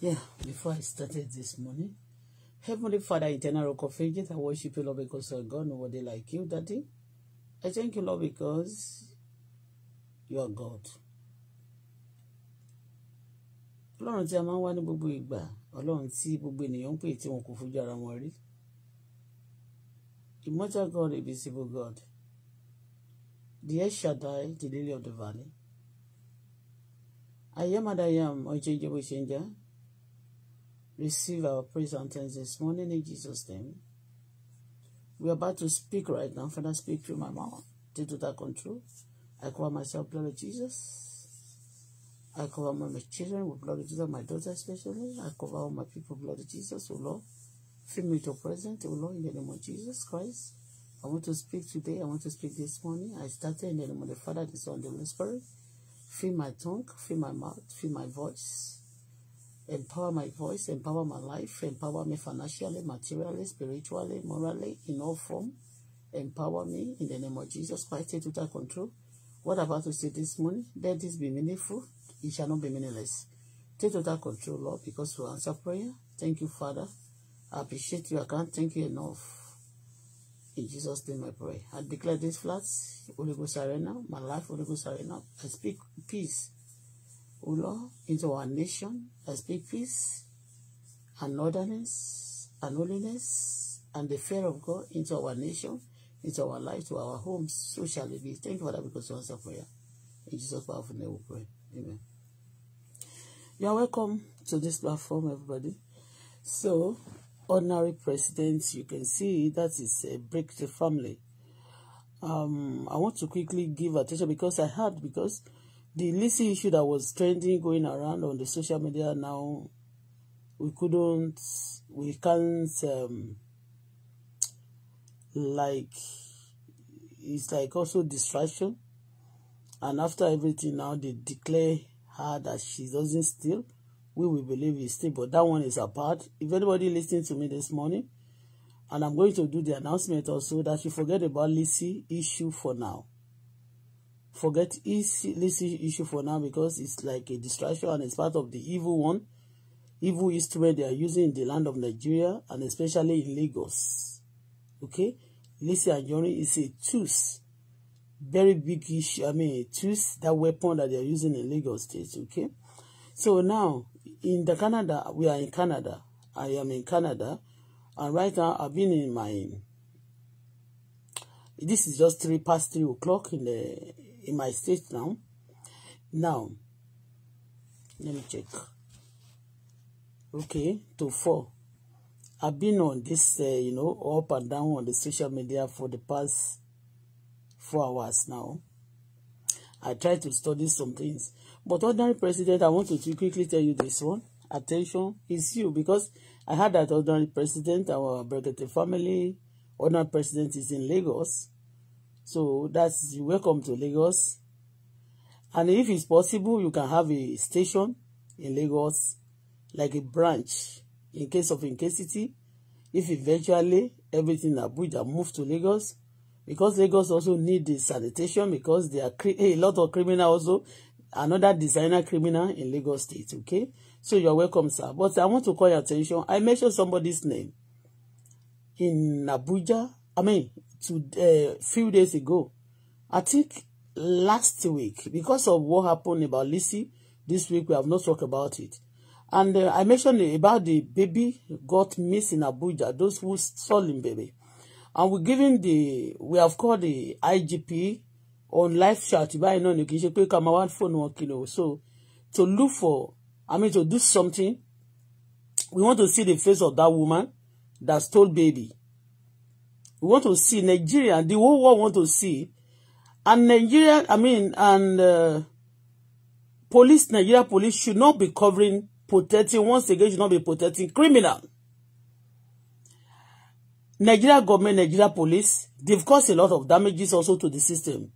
Yeah, before I started this morning, Heavenly Father, eternal rock of ages, I worship you, Lord, because you are God, nobody like you, Daddy. I thank you, Lord, because you are God. Ọlọ́run tí a máa ń wá ní gbogbo ìgbà, Ọlọ́run tí gbogbo ènìyàn ń pè tí wọn kò fojú ara wọn rí. Immortal God, invisible God, the El Shaddai, the lily of the valley. I am that I am, unchangeable changer. receive our praise and thanks this morning in Jesus' name. We're about to speak right now. Father, speak through my mouth. Take that control. I call myself blood of Jesus. I cover my children with blood of Jesus, my daughter especially. I cover all my people with blood of Jesus, O Lord. Fill me to present, O Lord, in the name of Jesus Christ. I want to speak today. I want to speak this morning. I started in the name of the Father, the Son, the Holy Spirit. Fill my tongue, fill my mouth, fill my voice. empower my voice, empower my life, empower me financially, materially, spiritually, morally, in all form. Empower me in the name of Jesus Christ. Take total control. What I'm about to say this morning, let this be meaningful. It shall not be meaningless. Take total control, Lord, because you answer prayer. Thank you, Father. I appreciate you. I can't thank you enough. In Jesus' name I pray. I declare this flat, Holy Ghost Arena, my life, Holy Ghost Arena. I speak peace O Lord, into our nation. as speak peace and orderliness and holiness and the fear of God into our nation, into our life, to our homes. So shall it be. Thank you, Father, because you answer prayer. In Jesus' powerful name we pray. Amen. You are welcome to this platform, everybody. So, ordinary presidents, you can see that is a break the family. Um, I want to quickly give attention because I had because the Lizzy issue that was trending going around on the social media now, we couldn't, we can't, um, like, it's like also distraction. And after everything now, they declare her that she doesn't steal. We will believe is steal, but that one is apart. If anybody listening to me this morning, and I'm going to do the announcement also that you forget about Lizzy issue for now forget his, this issue for now because it's like a distraction and it's part of the evil one, evil instrument they are using in the land of Nigeria and especially in Lagos. Okay? and Johnny is a tooth, very big issue. I mean, a tooth, that weapon that they are using in Lagos State. Okay? So now, in the Canada, we are in Canada. I am in Canada. And right now, I've been in my... This is just three past three o'clock in the in my state now. Now, let me check. Okay, to four. I've been on this, uh, you know, up and down on the social media for the past four hours now. I tried to study some things. But ordinary president, I want to quickly tell you this one. Attention, it's you because I had that ordinary president, our Brekete family, ordinary president is in Lagos. So that's welcome to Lagos. And if it's possible, you can have a station in Lagos, like a branch, in case of incasity. If eventually everything in Abuja move to Lagos, because Lagos also need the sanitation because there are a lot of criminal also, another designer criminal in Lagos State, okay? So you're welcome, sir. But I want to call your attention. I mentioned somebody's name in Abuja, I mean, to uh, few days ago. I think last week, because of what happened about Lizzie, this week we have not talked about it. And uh, I mentioned about the baby got missed in Abuja, those who stole him baby. And we're giving the, we have called the IGP on live chat, by no negotiation, come out phone one kilo. So to look for, I mean, to do something, we want to see the face of that woman that stole baby. We want to see Nigeria, the whole world want to see. And Nigeria, I mean, and uh, police, Nigeria police should not be covering, protecting, once again, should not be protecting criminal. Nigeria government, Nigeria police, they've caused a lot of damages also to the system.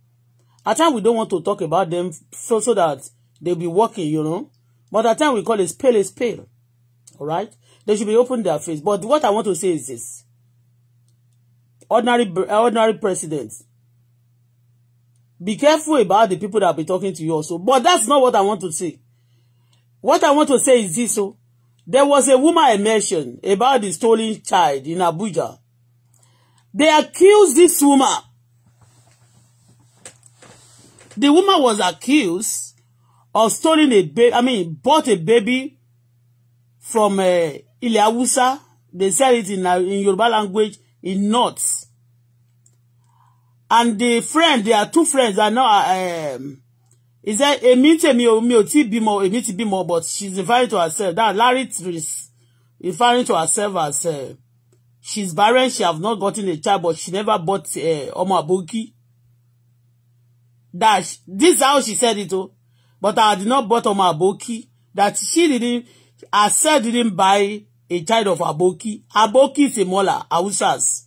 At times, we don't want to talk about them so, so that they'll be working, you know. But at times, we call it spell a spell. All right? They should be open their face. But what I want to say is this ordinary eh, ordinary president be careful about the people that be talking to you also but that's not what i want to say what i want to say is this so oh. there was a woman i mentioned about the stolen child in abuja they accused this woman the woman was accused of stealing a baby i mean bought a baby from uh, ilẹ̀ they sell it in, uh, in Yoruba language in north and the friend there are two friends are now uh, um, he said èmi tèmi o Oti ò tí bímọ èmi ti bímọ but she's referring to herself that Larry is referring to herself as uh, she's barren she have not gotten a child but she never bought uh, ọmọ uh, aboki that she, this is how she said it Oh, but I did not bought ọmọ aboki that she didn't herself didn't buy a child of aboki aboki is a mother Hausas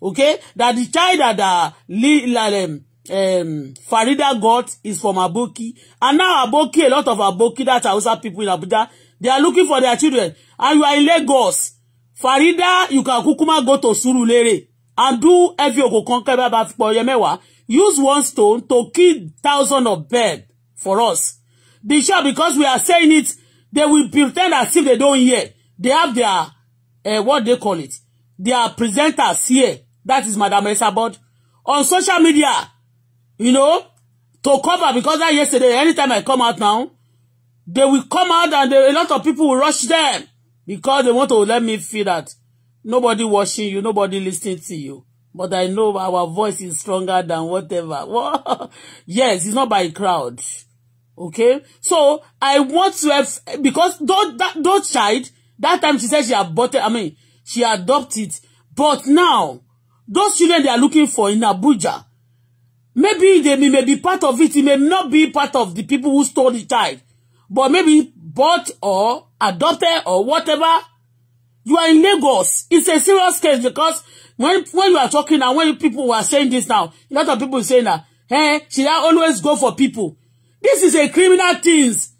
okay that the child that uh, um, um, Farida got is from Aboki and now Aboki a lot of Aboki that Hausa people in Abuja they are looking for their children and you are in Lagos Farida you can kukuma go to Surulere and do every okokan kẹbẹ bá fi pọ use one stone to kill thousand of bed for us the sure because we are saying it they will pretend as if they don't hear they have their uh, what they call it their presenters here that is Madam but on social media, you know, to cover because that yesterday, anytime I come out now, they will come out and they, a lot of people will rush them because they want to let me feel that nobody watching you, nobody listening to you. But I know our voice is stronger than whatever. yes, it's not by crowd. Okay? So, I want to have, because those, that, those child, that time she said she aborted, I mean, she adopted. But now, Those children they are looking for in Abuja, maybe they may be part of it. It may not be part of the people who stole the child, but maybe bought or adopted or whatever. You are in Lagos. It's a serious case because when when you are talking and when people are saying this now, a lot of people saying that, hey, eh, should I always go for people? This is a criminal things.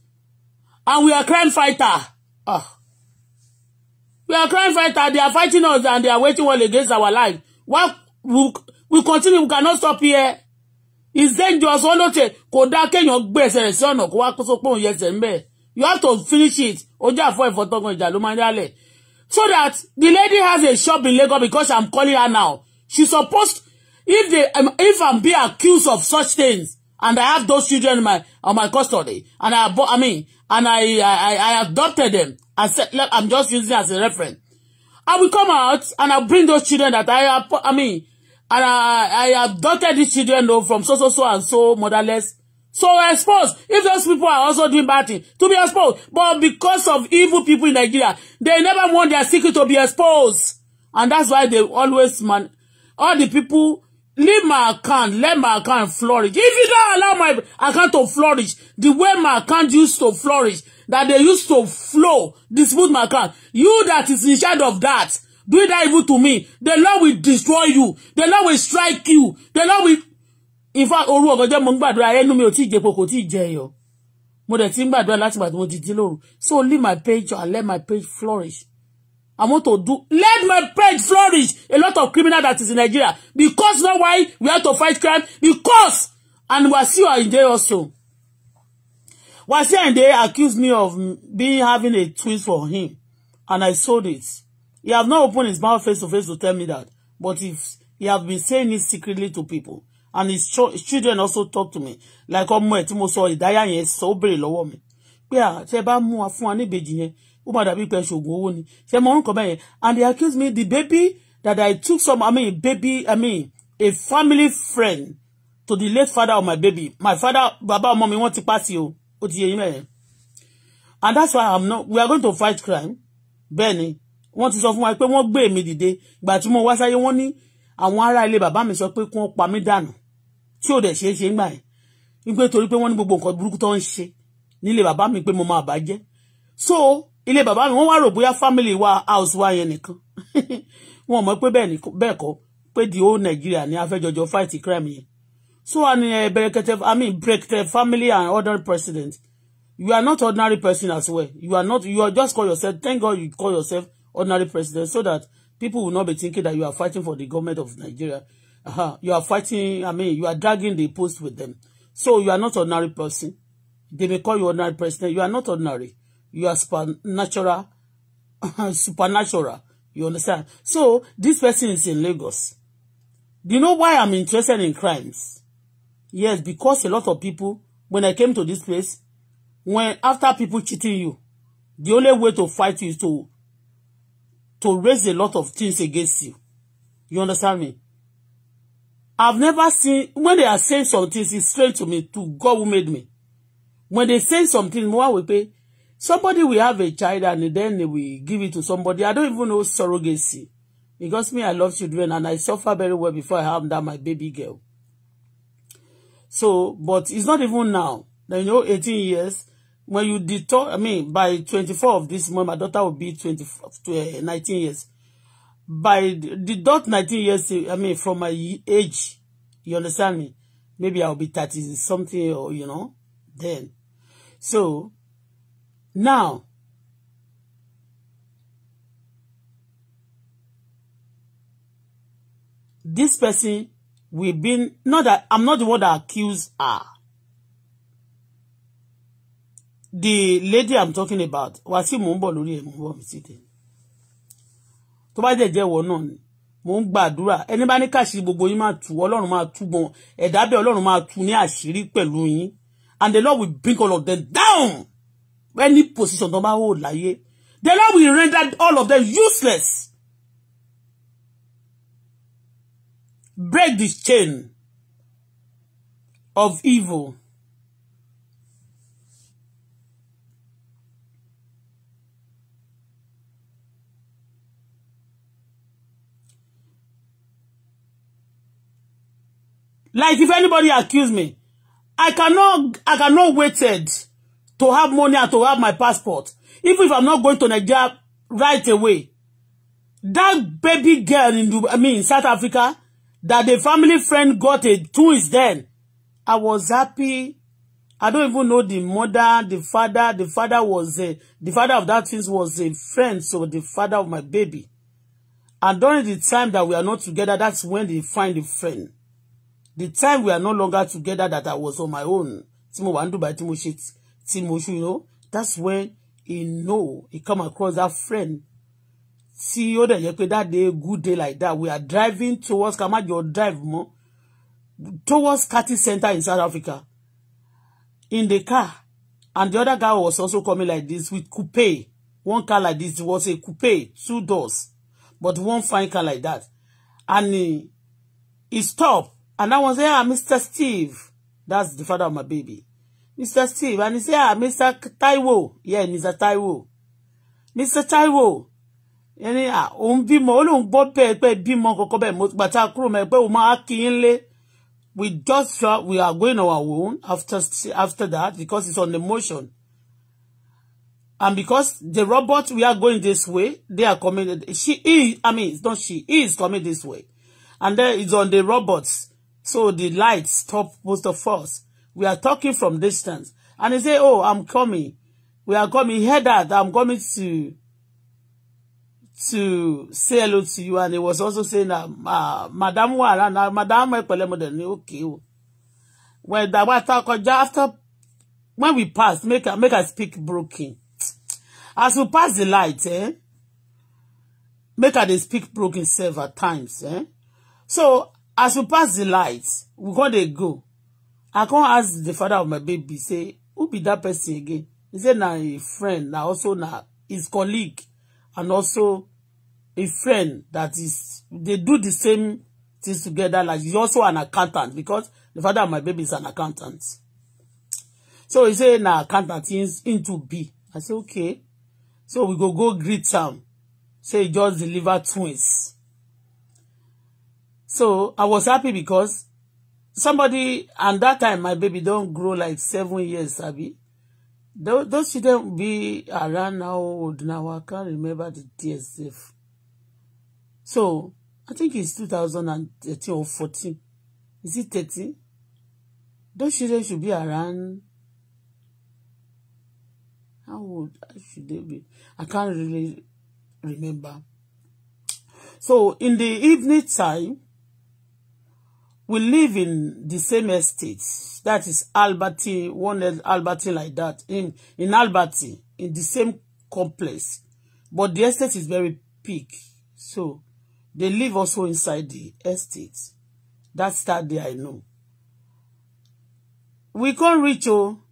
And we are crime fighter. Oh. We are crime fighter. They are fighting us and they are waging all against our life wá we continue we cannot stop here Is dangerous wọn ló tẹ kò dá kéèyàn gbé ẹsẹ̀ rẹ̀ sí ọ̀nà kó wá kó sópò òun yẹsẹ̀ ńbẹ̀ you have to finish it Oja àfọ ẹ̀fọ́ tọkàn ìjà ló máa ń yálẹ̀ so that the lady has a shop in Lagos because i'm calling her now she supposed if they um, if i'm be accused of such things and i have those children in my on my custody and i i mean and i i i adopted them i said i'm just using as a reference I will come out and I'll bring those children that I I mean, and I, I adopted these children though, from so, so, so and so motherless. So exposed. If those people are also doing bad things, to be exposed. But because of evil people in Nigeria, they never want their secret to be exposed. And that's why they always, man, all the people, leave my account, let my account flourish. If you don't allow my account to flourish, the way my account used to flourish, that they used to flow, dispute my account. You that is in charge of that, do that evil to me. The Lord will destroy you. The Lord will strike you. The Lord will. In fact, òru ọ̀gànjọ́ mo ń gbàdúrà ẹnu mi ò tí ì jẹ kò tí ì jẹ a Mo dẹ̀ ti mo dìde lóru. So leave my page and let my page flourish. I want to do let my page flourish. A lot of criminal that is in Nigeria because you know why we have to fight crime because and we are still in jail also. Wasi Ayinde accused me of being having a twin for him, and I sold it. He have not opened his mouth face to face to tell me that, but if he have been saying it secretly to people, and his, ch his children also talk to me, like ọmọ ẹ̀ tí mo sọ ìdáyà yẹn sọ ó béèrè lọ́wọ́ mi. Pé à ṣe bá mú wa fún wa níbejì yẹn, ó má dàbí pé ṣoògùn owó ni. Ṣé mo ń kọ́ And they accused me the baby that I took some, I mean, baby, I mean, a family friend to the late father of my baby. My father, Baba, ọmọ mi wọ́n ti pa sí ó ti mẹ́rin and that's why i'm not we are going to fight crime bẹ́ẹ̀ ni wọ́n ti sọ fún wa pé wọ́n gbé èmi dìde ìgbà tí mo wá sáyé wọ́n ní àwọn ará ilé bàbá mi sọ pé kí wọ́n pa mí dànù tí ò dẹ̀ ṣeé ṣe ń gbà yẹn nígbà torí pé wọ́n ní gbogbo nǹkan burúkú tó ń ṣe nílé bàbá mi pé mo máa bàjẹ́ so ilé bàbá mi wọ́n wá rò bóyá family wa house wa yẹn nìkan wọ́n mọ̀ pé bẹ́ẹ̀ kọ́ pé the whole Nigeria ni a fẹ́ jọjọ fight crime yẹn So an uh, I mean eh, break the family and ordinary president. You are not ordinary person as well. You are not. You are just call yourself. Thank God you call yourself ordinary president, so that people will not be thinking that you are fighting for the government of Nigeria. Uh-huh. You are fighting. I mean, you are dragging the post with them. So you are not ordinary person. They may call you ordinary president. You are not ordinary. You are supernatural. supernatural. You understand? So this person is in Lagos. Do you know why I'm interested in crimes? Yes, because a lot of people, when I came to this place, when after people cheating you, the only way to fight you is to to raise a lot of things against you. You understand me? I've never seen, when they are saying some things, it's strange to me, to God who made me. When they say something, more we pay, somebody will have a child and then we give it to somebody. I don't even know surrogacy. Because me, I love children and I suffer very well before I have that my baby girl. So, but it's not even now. Then you know, 18 years. When you detour, I mean, by 24 of this month, my daughter will be 20, 20 19 years. By the, the dot 19 years, I mean, from my age, you understand me? Maybe I'll be 30 something or, you know, then. So, now, this person We've been not that I'm not the one that accused her. The lady I'm talking about, was tí mò luri, bọ̀ lórí ẹ̀ mò ń bọ̀ mí sí dé. Tó bá dẹ̀ jẹ́ ìwọ náà ni, mò ń gbàdúrà. Ẹni bá ní káṣírí gbogbo yín máa tú, Ọlọ́run máa tú bọ̀, And the Lord will bring all of them down. Any position tó bá wò láyé, the Lord will render all of them useless. break this chain of evil. Like if anybody accuse me, I cannot I cannot waited to have money and to have my passport. Even if I'm not going to Nigeria right away. That baby girl in I mean in South Africa that the family friend got a twins then. I was happy. I don't even know the mother, the father. The father was a, the father of that things was a friend, so the father of my baby. And during the time that we are not together, that's when they find the friend. The time we are no longer together that I was on my own. Tí mo by ní shit. tí you know, that's when he know, he come across that friend tí ó dẹ̀ yẹ pé that day good day like that we are driving towards kamajo drive mọ́ towards Kati Center in South Africa in the car and the other guy was also coming like this with coupe one car like this was a coupe two doors but one fine car like that and he, he stopped and I was say ah Mr. Steve that's the father of my baby Mr. Steve and he say ah Mr. Taiwo yeah Mr. Taiwo Mr. Taiwo ẹni à òun bímọ ó lóun gbọ́ bẹ́ẹ̀ pé bímọ kọ́kọ́ bẹ́ẹ̀ mo gbà tá a kúrò mẹ́ pé òun máa kí n lé we just try we are going our own after after that because it's on the motion and because the robot we are going this way they are coming she he i mean it's not she he is coming this way and then it's on the robots so the lights stop most of us we are talking from distance and he say oh i'm coming we are coming he heard that i'm coming to to say hello to you and he was also saying that uh, madam wà around madam ẹ̀pẹ̀lẹ́ mo dẹ̀ ní okay o when dàgbà ta kọjá after when we pass make I make I speak broken as we pass the light eh, make I dey speak broken several times eh? so as we pass the light we con dey go I con ask the father of my baby say who be that person again he say na him friend na also na his colleague and also a friend that is they do the same things together like he's also an accountant because the father of my baby is an accountant so he say now accountant is into b i say okay so we go go greet am say he just deliver twins so i was happy because somebody and that time my baby don't grow like seven years abi Those, those children be around now old now. I can't remember the DSF. So I think it's 2013 or 14. Is it 13? Those children should be around. How old should they be? I can't really remember. So in the evening time, we live in the same estate that is Alberti one Alberti like that in in Alberti in the same complex but the estate is very big so they live also inside the estate that's that day I know we can't reach oh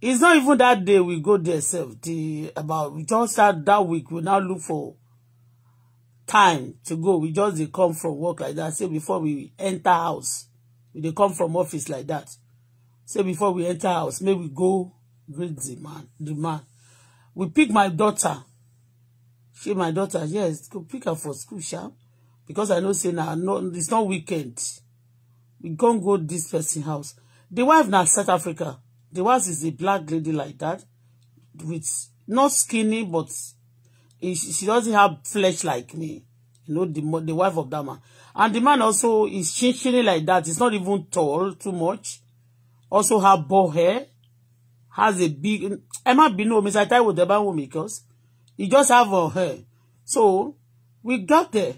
it's not even that day we go there Self the about we just start that week we now look for time to go we just dey come from work like that say before we enter house we dey come from office like that say before we enter house make we go greet the man the man we pick my daughter she my daughter yes go pick her for school sha because i know say na no it's not weekend we con go this person house the wife na south africa the wife is a black lady like that with not skinny but she doesn't have flesh like me. You know, the the wife of that man. And the man also is chinchini like that. He's not even tall too much. Also have bald hair. Has a big... I má bínú omi ṣe Táíwò tẹ́ the wò woman because he just have a hair. So, we got there.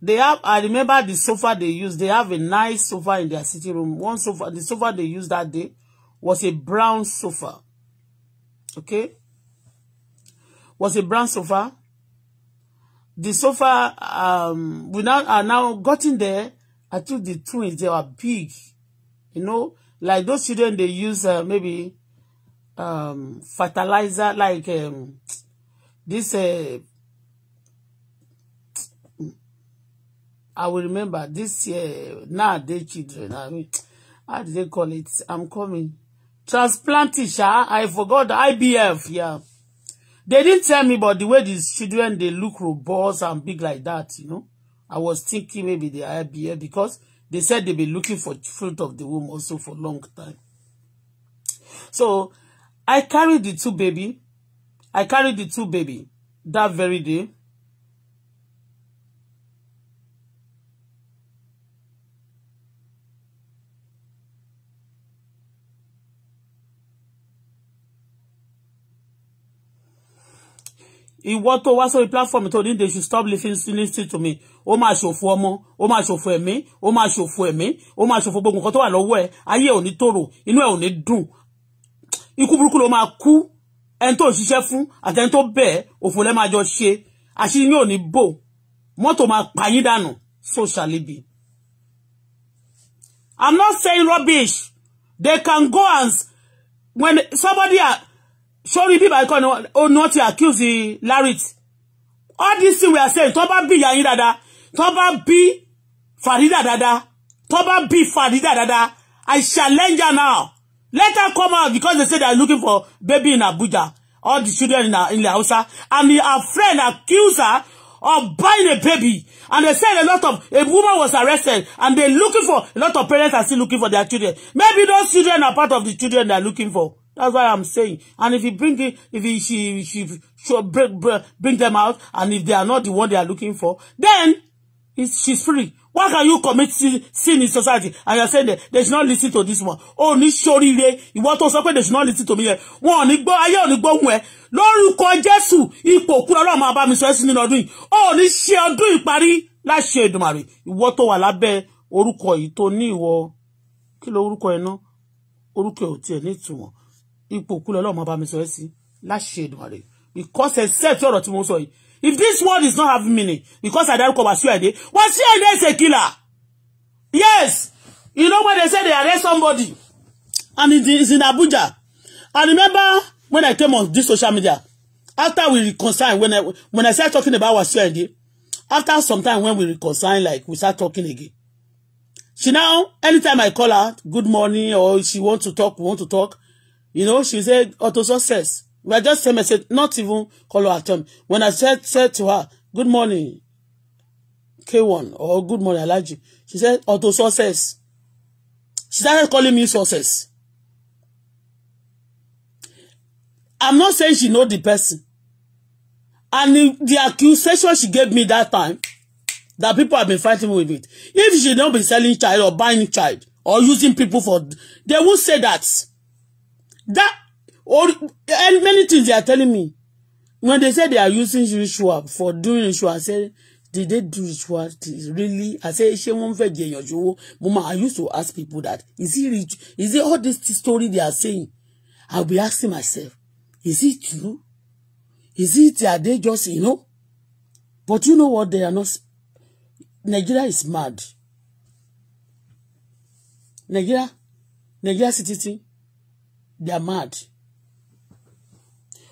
They have, I remember the sofa they used. They have a nice sofa in their sitting room. One sofa, the sofa they used that day was a brown sofa. Okay? was a brown sofa. The sofa, um, we now are now gotten there. I took the twins, they were big. You know, like those children, they use uh, maybe um, fertilizer, like um, this, uh, I will remember this year. uh, nowadays children, I mean, how do they call it? I'm coming. Transplantisha, I forgot, IBF, yeah. They didn't tell me, but the way these children, they look robust and big like that, you know. I was thinking maybe they are here because they said they've been looking for fruit of the womb also for a long time. So I carried the two baby. I carried the two baby that very day. ìwọ tó wá sórí platform tó ní they should stop listening to me ó máa ṣòfò ọmọ ó máa ṣòfò ẹ̀mí ó máa ṣòfò ẹ̀mí ó máa ṣòfò gbogbo nǹkan tó wà lọ́wọ́ ẹ̀ ayé ò ní tòrò inú ẹ̀ ò ní dùn ikú burúkú ló máa kú ẹni tó ṣiṣẹ́ fún àti ẹni tó bẹ̀ẹ́ òfò lẹ́ máa jọ ṣe àṣírí yóò ní bò mọ́tò máa pa yín dànù socially be. I'm not saying rubbish. They can go and when somebody are sórí bíbá ikọ́ ni ó ní wọ́n ti accuse Larrit all this thing we are saying tó bá bí ìyá yín dáadáa tó bá bí Farida Dada. tó bá bí Farida Dada. I challenge her now let her come out because they say they are looking for baby in Abuja all the children in, in Hausa and her friend accuse her of buying a baby. And they said a lot of, a woman was arrested and they're looking for, a lot of parents are still looking for their children. Maybe those children are part of the children are looking for. That's why I'm saying. And if he bring it, if he, she, she, she bring, bring them out, and if they are not the one they are looking for, then she's free. Why can you commit sin, in society? And you're saying that they should not listen to this one. Oh, ní ṣoríire, ìwọ tó sọ pé they should not listen to me One, Wọn go, ní gbọ́, ayé ò ní gbọ́ wọn ẹ̀. Lórúkọ Jésù, ipò kúrò ọlọ́run máa bá mi sọ ẹ́ sí nínú ọdún yìí. Ó ní ṣe ọdún ìparí láṣẹ Èdùmàrè. Ìwọ tó wà lábẹ́ orúkọ yìí tó ní ìwọ kí ló orúkọ ẹ̀ náà? ipò kú lọ́lọ́mọ bá mi sọ ẹ́ sí láṣẹ Èdùmàrè because except ọ̀rọ̀ tí mo sọ yìí if this word is not having meaning because I darúkọ Wasiu Ayinde Wasiu Ayinde is a killer yes you know when they say they arrest somebody and it is in Abuja I remember when I came on this social media after we reconcile when I when I start talking about Wasiu Ayinde after some time when we reconcile like we start talking again she now anytime I call her good morning or she want to talk we want to talk You know, she said auto success. We are just same message, not even call her term. When I said said to her, Good morning, K1 or good morning, Alaji, she said auto success. She started calling me success. I'm not saying she know the person. And the, the accusation she gave me that time, that people have been fighting with it. If she don't be selling child or buying child or using people for, they will say that. That or and eh, many things they are telling me. When they say they are using ritual for doing ritual, I say did they do ritual really? I say she won't forget your èèyàn Mama, I used to ask people that is it rich? Is it all this story they are saying? I'll be asking myself, is it true? Is it are they just you know? But you know what they are not. Nigeria is mad. Nigeria, Nigeria citizen They are mad.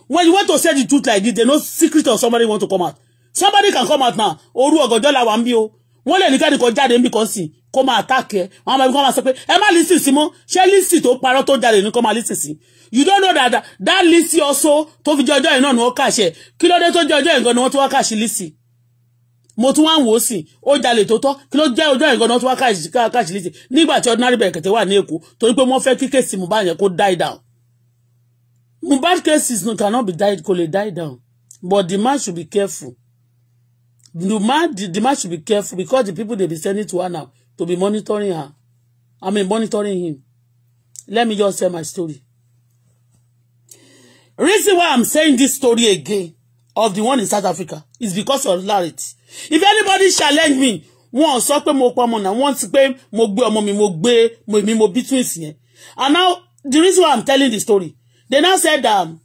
When you want to say the truth like this, there's no secret of somebody want to come out. Somebody can come out now. Oru ọ̀gànjọ́ la wà ń bí o. Wọ́n lè ní káàdì kan jáde níbi kan sí kó máa àtàkẹ́. Àwọn ọmọ ibi listen, máa sọ pé ẹ má lísì sí mọ́. Ṣé lísì You don't know that that that lísì also to fi jẹ́ ọjọ́ no náà ni wọ́n kàṣẹ. Kí ló dé tó jẹ́ ọjọ́ yìí gan ni mo tún wá ń wò ó sìn ó jalè tó tọ́ kí ló jẹ́ ojú ẹ̀gàn tó wá káàkiri sí nígbà tí ordinary Brekete wà ní Èkó torí pé wọ́n fẹ́ kí kéèsì Mohbad yẹn kó die down Mohbad cases cannot be died kò lè die down but the man should be careful the man the, the man should be careful because the people they be sending to her now to be monitoring her I mean monitoring him let me just tell my story reason why I'm saying this story again of the one in South Africa is because of hilarity if anybody challenge me wọn sọ pé mo pa ọmọ náà wọn ti pé mo gbé ọmọ mi mo gbé mi mo bí twins yẹn and now the reason why i'm telling the story they now said um,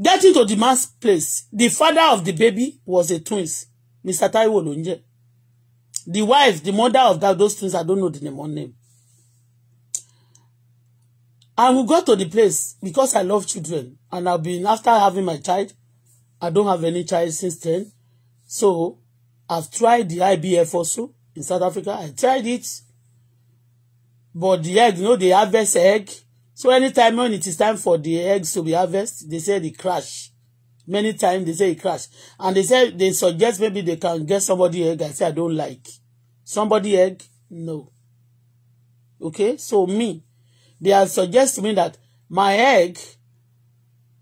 getting to the mass place the father of the baby was a twins mr taiwo ló the wife the mother of that, those twins i don't know the name or name and we go to the place because i love children and i've been after having my child i don't have any child since then so I've tried the IBF also in South Africa. I tried it. But the egg, you know, they harvest egg. So anytime when it is time for the eggs to be harvested, they say they crash. Many times they say it crash. And they say they suggest maybe they can get somebody egg. I say I don't like. Somebody egg, no. Okay, so me, they are suggesting me that my egg,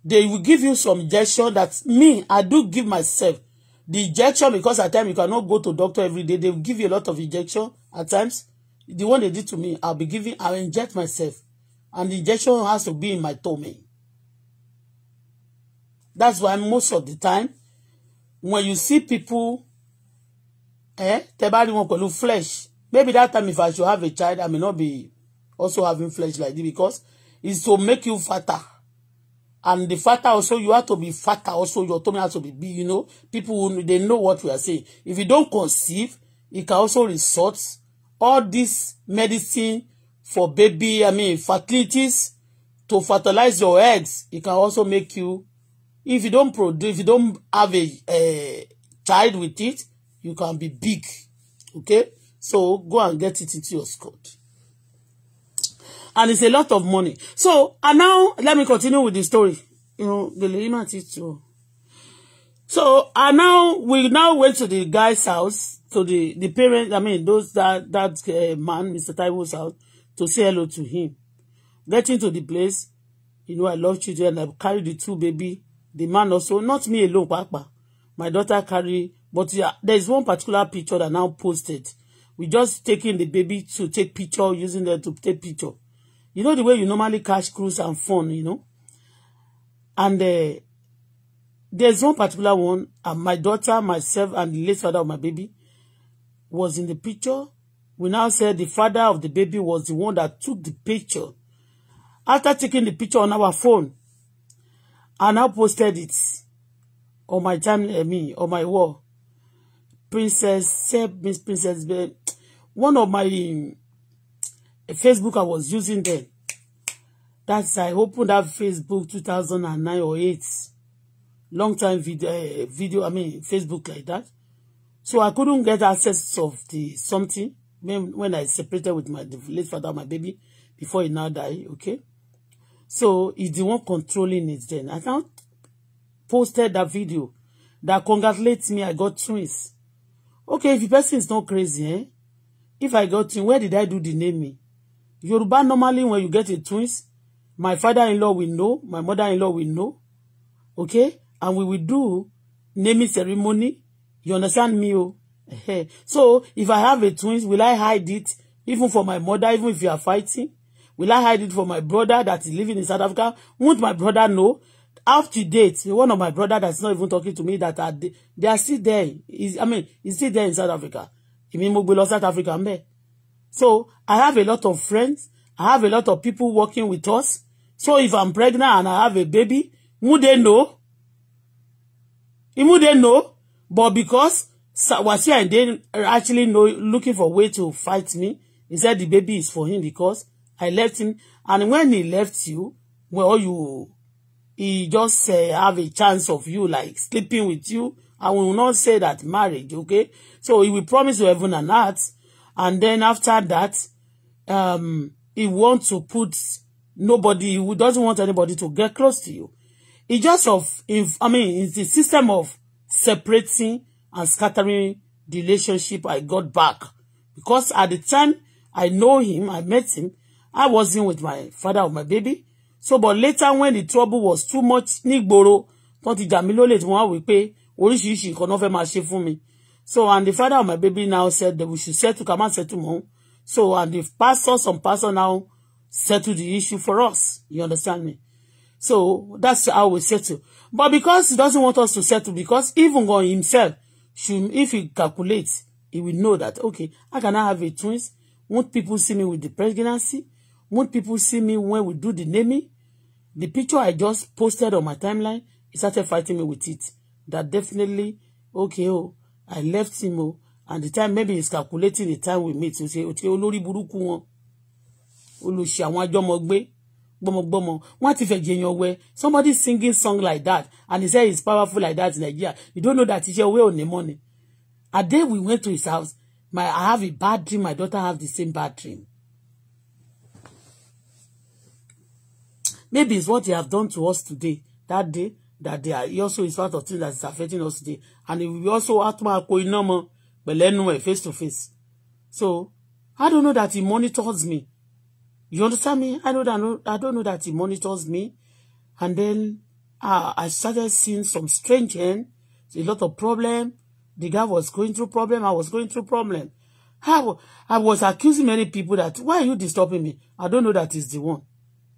they will give you some injection that me, I do give myself the injection because at times you cannot go to doctor every day they will give you a lot of injection at times the one they did to me i'll be giving i'll inject myself and the injection has to be in my tummy that's why most of the time when you see people eh tẹ́ bá rí wọn flesh maybe that time if i should have a child i may not be also having flesh like this because it's to make you fatter and the fatter also you have to be fatter also your tummy has to be big you know people will, they know what we are saying if you don't conceive it can also result all this medicine for baby i mean fertilities to fertilize your eggs it can also make you if you don't produce if you don't have a, a child with it you can be big okay so go and get it into your scope and it's a lot of money so and now let me continue with the story you know believe not it too so and now we now went to the guy's house to the the parents i mean those that that uh, man Mr. Taiwo's house to say hello to him getting to the place you know i love children i carry the two baby the man also not me alone papa my daughter carry but yeah, there is one particular picture that now posted we just taking the baby to take picture using them to take picture You know the way you normally catch cruise and phone, you know. And uh, there's one particular one, and my daughter, myself, and the late father of my baby was in the picture. We now said the father of the baby was the one that took the picture. After taking the picture on our phone, I now posted it on my time, I mean, on my wall. Princess, Miss Princess, eh, one of my Facebook I was using then. That's I opened that Facebook 2009 or 8. Long time video, uh, video, I mean Facebook like that. So I couldn't get access of the something when, when I separated with my late father, my baby, before he now died, okay? So he's the one controlling it then. I now posted that video that congratulates me I got twins. Okay, if the person is not crazy, eh? If I got twins, where did I do the naming? Yoruba normally when you get a twins, my father-in-law will know, my mother-in-law will know, okay, and we will do naming ceremony. You understand me, oh? So if I have a twins, will I hide it even for my mother, even if you are fighting? Will I hide it for my brother that is living in South Africa? Won't my brother know? Up to date, one of my brother that's not even talking to me that are they are still there. Is I mean, he's still there in South Africa. Èmi mo gbé lọ South Africa ń So I have a lot of friends. I have a lot of people working with us. So if I'm pregnant and I have a baby, would they know? Would they know? But because Wasiu Ayinde actually know, looking for a way to fight me, he said the baby is for him because I left him. And when he left you, well, you, he just uh, have a chance of you like sleeping with you. I will not say that marriage, okay? So he will promise you heaven and earth and then after that um, he wants to put nobody He doesn't want anybody to get close to you it's just of if i mean it's the system of separating and scattering the relationship i got back because at the time i know him i met him i wasn't with my father or my baby so but later when the trouble was too much nígboro tó ti jà mí lólè tí wọ́n á wí pé oríṣiríṣi nǹkan náà fẹ́ máa ṣe fún mi So, and the father of my baby now said that we should settle, come and settle more. So, and the pastor, some pastor now settled the issue for us. You understand me? So, that's how we settle. But because he doesn't want us to settle, because even God himself, should, if he calculates, he will know that, okay, I cannot have a twins. Won't people see me with the pregnancy? Won't people see me when we do the naming? The picture I just posted on my timeline, he started fighting me with it. That definitely, okay, oh, I left him o oh. and the time maybe he's calculating the time we meet o ṣe o ṣe olórí burúkú wọn olùṣe àwọn ajọmọgbé gbọmọgbọmọ wọn ti fẹjẹ yan wẹ somebody singing song like that and he say he's powerful like that in Nigeria you don't know that iṣẹ owó ò ní money. A day we went to his house my I have a bad dream my daughter have the same bad dream maybe it's what he have done to us today that day that they are he also is part of things that is affecting us today and we also wá tún máa ko iná mọ pẹ̀lú ẹnu ẹ̀ face to face so I don't know that he monitors me you understand me I know that I, don't know that he monitors me and then uh, I started seeing some strange end a lot of problem the guy was going through problem I was going through problem I, I was accusing many people that why are you disturbing me I don't know that he's the one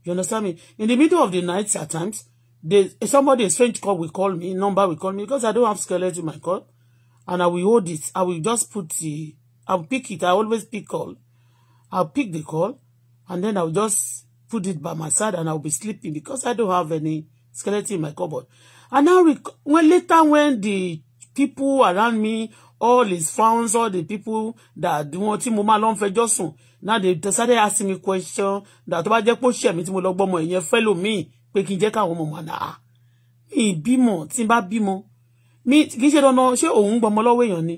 you understand me in the middle of the night at times They, somebody a strange call will call me, number will call me because I don't have skeleton in my call. And I will hold it. I will just put the, I'll pick it. I always pick call. I'll pick the call and then I'll just put it by my side and I'll be sleeping because I don't have any skeleton in my cupboard. And now, when later when the people around me, all his friends, all the people that wọ́n tí mo máa lọ ń now they decided asking me question that about the jẹ́ pé ó me pé kí n jẹ́ káwọn ọmọ màná à mi bímọ tí n bá bímọ mi kì í ṣe dandan ṣé òun gbọmọ lọ́wọ́ èèyàn ni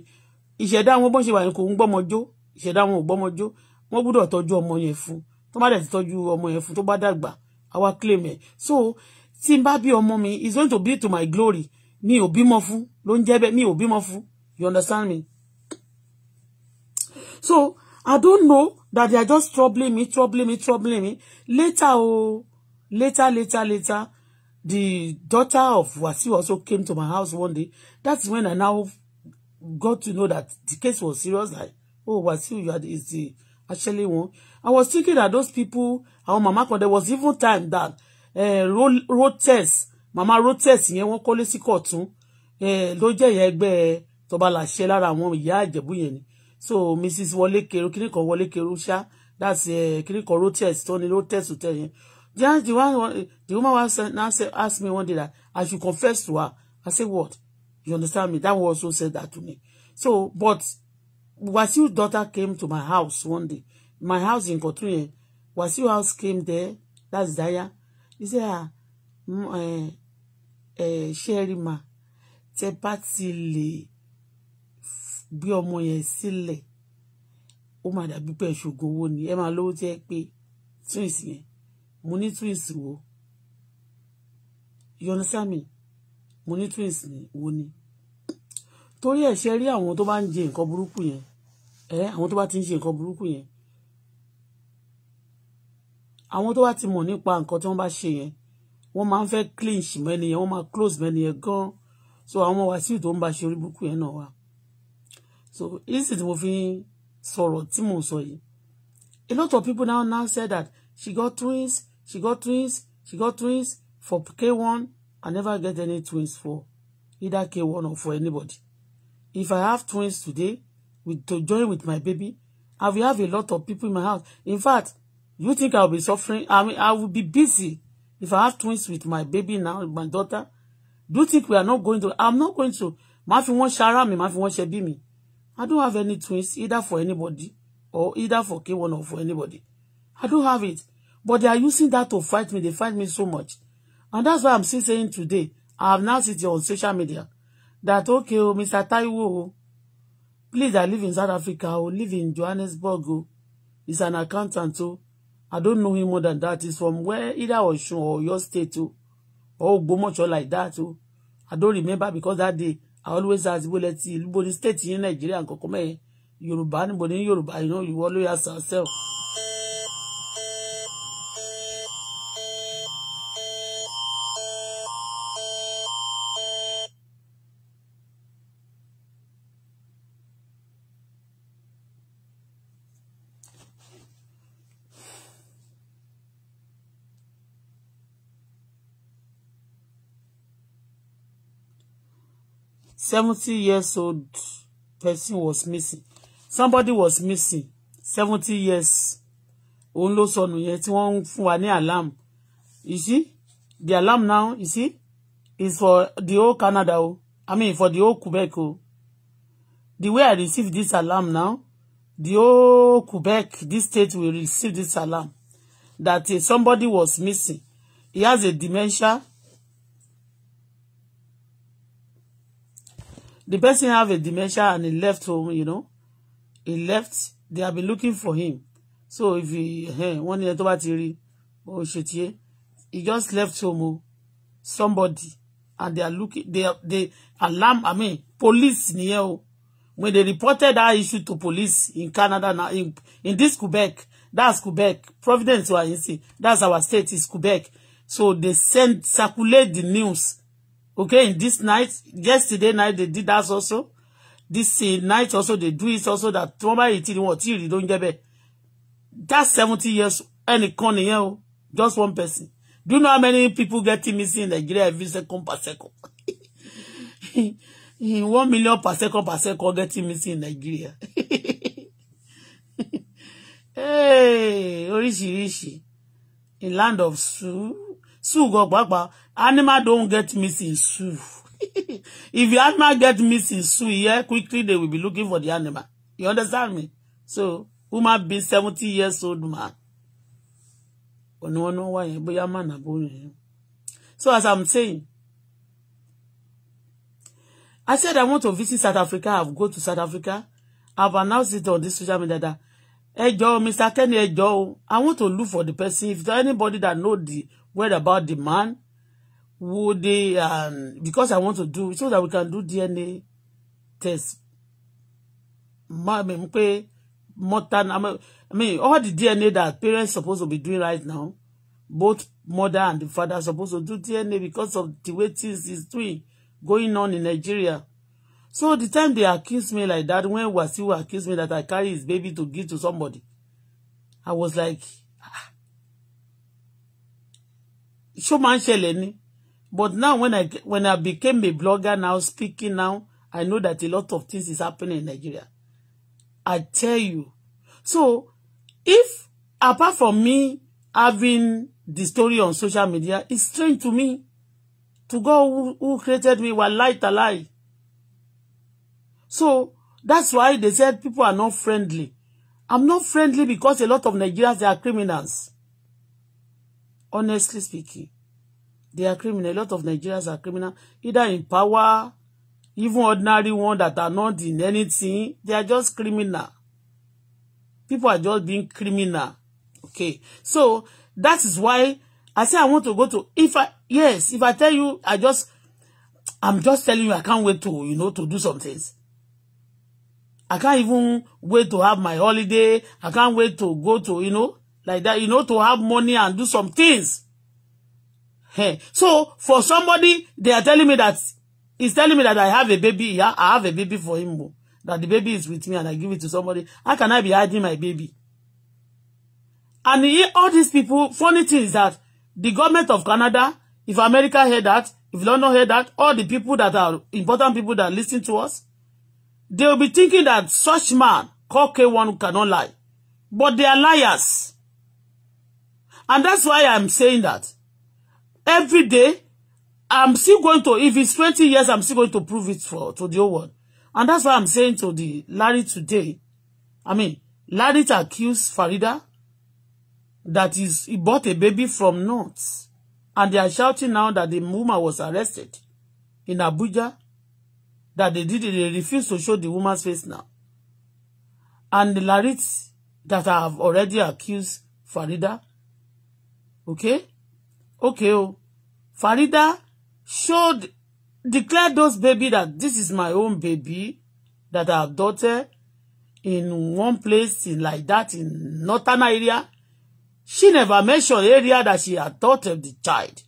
ìṣẹ̀dá wọn bọ́n ṣe wà ní kò ń gbọmọ jó ìṣẹ̀dá wọn ò gbọmọ jó wọn gbúdọ̀ tọ́jú ọmọ yẹn fún tó bá dẹ̀ ti tọ́jú ọmọ yẹn fún tó bá dàgbà àwa claim ẹ̀ so tí n bá bí ọmọ mi is going to be to my glory mi ò bímọ fún ló ń jẹ́ bẹ́ẹ̀ mi ò bímọ fún you understand me so i don't know that they are just troubling me troubling me troubling me later o. Oh, Later, later, later, the daughter of Wasiu also came to my house one day. That's when I now got to know that the case was serious. Like, oh, Wasiu, you had is the actually one. I was thinking that those people, our mama, there was even time that uh, road, road test, mama road test, yẹn wọ́n kọ́lé sí kọ̀tún, eh, ló jẹ́ yẹn So Mrs. Wọlé Kero, kíní kan Wọlé that's uh, eh, kíní road test, tó ní road test to tell yẹn. Just the one, the woman was now said, asked me one day that I should confess to her. I said, what? You understand me? That one also said that to me. So, but Wasiu's daughter came to my house one day. My house in Kotunye. Eh, Wasiu house came there. That's Daya. He said, ah, mm, eh, eh, Sherry ma, tẹ́ bá ti lè gbé ọmọ yẹn sílẹ̀, ó ni. ema máa lówó tí ẹ pé twins mo ní twins wo you understand me mo ní twins wo ni torí ẹ̀ ṣe rí àwọn tó bá ń jẹ nǹkan burúkú yẹn ẹ àwọn tó bá ti ń ṣe nǹkan burúkú yẹn àwọn tó bá ti mọ̀ nípa nǹkan tí wọ́n bá ṣe yẹn wọ́n máa ń fẹ́ clinch mẹ́ni yẹn wọ́n máa close mẹ́ni yẹn gan so àwọn ọmọ wàsíù tó ń bá ṣe orí burúkú yẹn náà wà so easy tí mo fi ń sọ̀rọ̀ tí mò sọ yìí a lot of people now now say that she got twins She got twins. She got twins for K1. I never get any twins for either K1 or for anybody. If I have twins today, with to join with my baby, I will have a lot of people in my house. In fact, you think I'll be suffering? I mean, I will be busy if I have twins with my baby now, my daughter. Do you think we are not going to? I'm not going to. Matthew won't share me. Matthew won't share wọ́n ṣẹbí I don't have any twins either for anybody or either for K1 or for anybody. I don't have it. But they are using that to fight me. They fight me so much. And that's why I'm still saying today, I have now seen it on social media, that, okay, oh, Mr. Taiwo, oh, please, I live in South Africa, I oh, live in Johannesburg. Oh, he's an accountant. too. Oh. I don't know him more than that. He's from where, either Osun or your state, too, or Ogbomoso like that. too. I don't remember because that day, I always ask people, let's see, Ibo ni state in Nigeria, and Kokome, Yoruba, anybody in Yoruba, you know, you always ask yourself. seventy years old person was missing somebody was missing seventy years òun ló sọnù yẹn tí wọ́n ń wa ní alarm you see the alarm now you see is for the whole Canada o I mean for the whole Quebec o the way I receive this alarm now the whole Quebec this state will receive this alarm that uh, somebody was missing he has a dementia The person have a dementia and he left home, you know. He left. They have been looking for him. So if he, one year to Batiri, oh shit, he just left home, oh. somebody, and they are looking, they are, they alarm, I mean, police nìyẹn oh. When they reported that issue to police in Canada now, in, in this Quebec, that's Quebec, Providence, you see. that's our state is Quebec. So they sent circulate the news Okay, in this night, yesterday night they did that also. This night also they do it also that trauma eighteen wọn tí ìrì ló ń jẹ bẹ́ẹ̀. That seventy years ẹnìkan nìyẹn o, just one person. Do you know how many people getting missing in Nigeria every second per second? one million per second per second getting missing in Nigeria. hey, oríṣiríṣi in land of Sue. Sue go papa. Animal don't get missing. Sue. if the animal get missing, Sue yeah, quickly they will be looking for the animal. You understand me? So, woman be 70 years old man. So as I'm saying, I said I want to visit South Africa. I've go to South Africa. I've announced it on this social media that, hey, Joe, Mr. Kenny, hey, Joe, I want to look for the person. If there anybody that know the worried about the man. Would they, um, because I want to do, so that we can do DNA test. I mean, I mean, all the DNA that parents supposed to be doing right now, both mother and the father supposed to do DNA because of the way things is doing going on in Nigeria. So the time they accused me like that, when Wasiu accused me that I carry his baby to give to somebody, I was like, ṣó man, ń ṣẹlẹ̀ but now when I when I became a blogger now speaking now I know that a lot of things is happening in Nigeria I tell you so if apart from me having the story on social media it's strange to me to God who, who created me wallahi talai so that's why they said people are not friendly I'm not friendly because a lot of Nigerians they are criminals honestly speaking They are criminal. A lot of Nigerians are criminal, either in power, even ordinary ones that are not in anything. They are just criminal. People are just being criminal. Okay. So that is why I say I want to go to if I yes, if I tell you I just I'm just telling you I can't wait to, you know, to do some things. I can't even wait to have my holiday. I can't wait to go to, you know, like that, you know, to have money and do some things. Hey. So for somebody, they are telling me that he's telling me that I have a baby. Yeah, I have a baby for him. Oh, that the baby is with me and I give it to somebody. How can I be hiding my baby? And he, all these people, funny thing is that the government of Canada, if America heard that, if London heard that, all the people that are important people that listen to us, they will be thinking that such man, called K1, cannot lie. But they are liars. And that's why I'm saying that every day, I'm still going to, if it's 20 years, I'm still going to prove it for to the old one. And that's why I'm saying to the Larry today, I mean, Larry accused Farida that is, he bought a baby from North. And they are shouting now that the woman was arrested in Abuja, that they did it. they refused to show the woman's face now. And the Larit that I have already accused Farida, okay, okay o oh. Farida showed declared those baby that this is my own baby that I adopted in one place in like that in northern area she never mentioned area that she adopted the child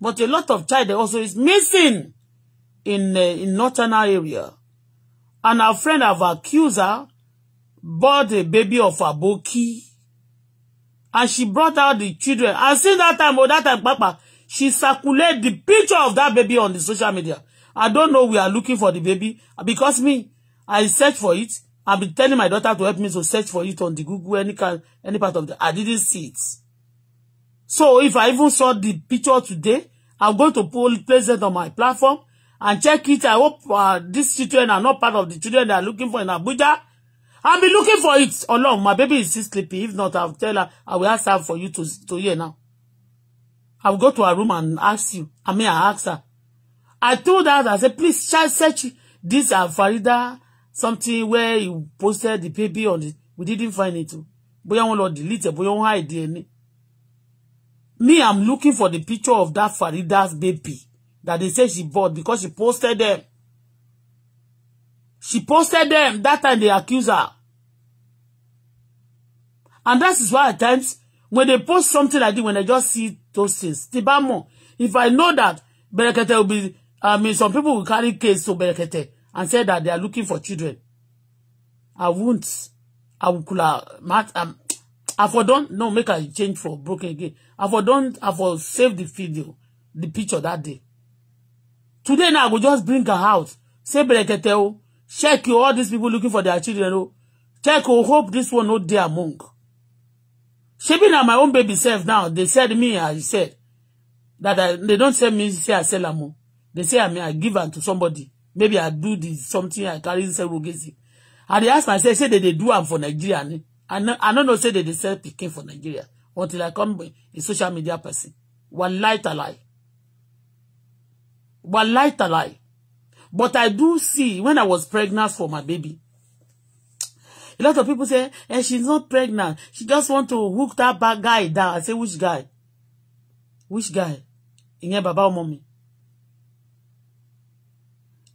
but a lot of child also is missing in uh, in northern area and our friend have accused her bought a baby of aboki and she brought out the children. And since that time, or oh, that time, Papa, she circulated the picture of that baby on the social media. I don't know we are looking for the baby because me, I search for it. I've been telling my daughter to help me to search for it on the Google, any kind, any part of the. I didn't see it. So if I even saw the picture today, I'm going to pull place it on my platform and check it. I hope uh, these children are not part of the children they are looking for in Abuja. I'll be looking for it along. My baby is still sleepy. If not, I'll tell her, I will ask her for you to, to hear now. I'll go to her room and ask you. I mean, I ask her. I told her, I said, please try search this uh, Farida something where you posted the baby on it. We didn't find it. Bóyá wọ́n lọ delete, it. E, bóyá wọ́n hide any. E Me, I'm looking for the picture of that Farida's baby that they say she bought because she posted them. She posted them. That time they accused her. And that is why at times when they post something like this, when I just see those things, tí bá mọ̀, if I know that Berekete will be, I mean, some people will carry case to Berekete and say that they are looking for children. I won't. I will cool out. Um, I for don't, no, make a change for broken again. I for don't, I for save the video, the picture that day. Today now, I will just bring her out. Say Berekete, check you, all these people looking for their children. Check, oh, hope this one not there among. She been my own baby self now. They said me, I said, that I, they don't say me, say I sell am. They say I mean, I give am to somebody. Maybe I do this, something, I carry this surrogacy. And they ask myself, say that they do am for Nigeria. Ne? I know, I don't know, say that they sell picking for Nigeria. Until I come a social media person. One light a lie. One light a lie. But I do see, when I was pregnant for my baby, A lot of people say, hey, eh, she's not pregnant. She just want to hook that bad guy down. I say, which guy? Which guy? Your Baba or mommy?"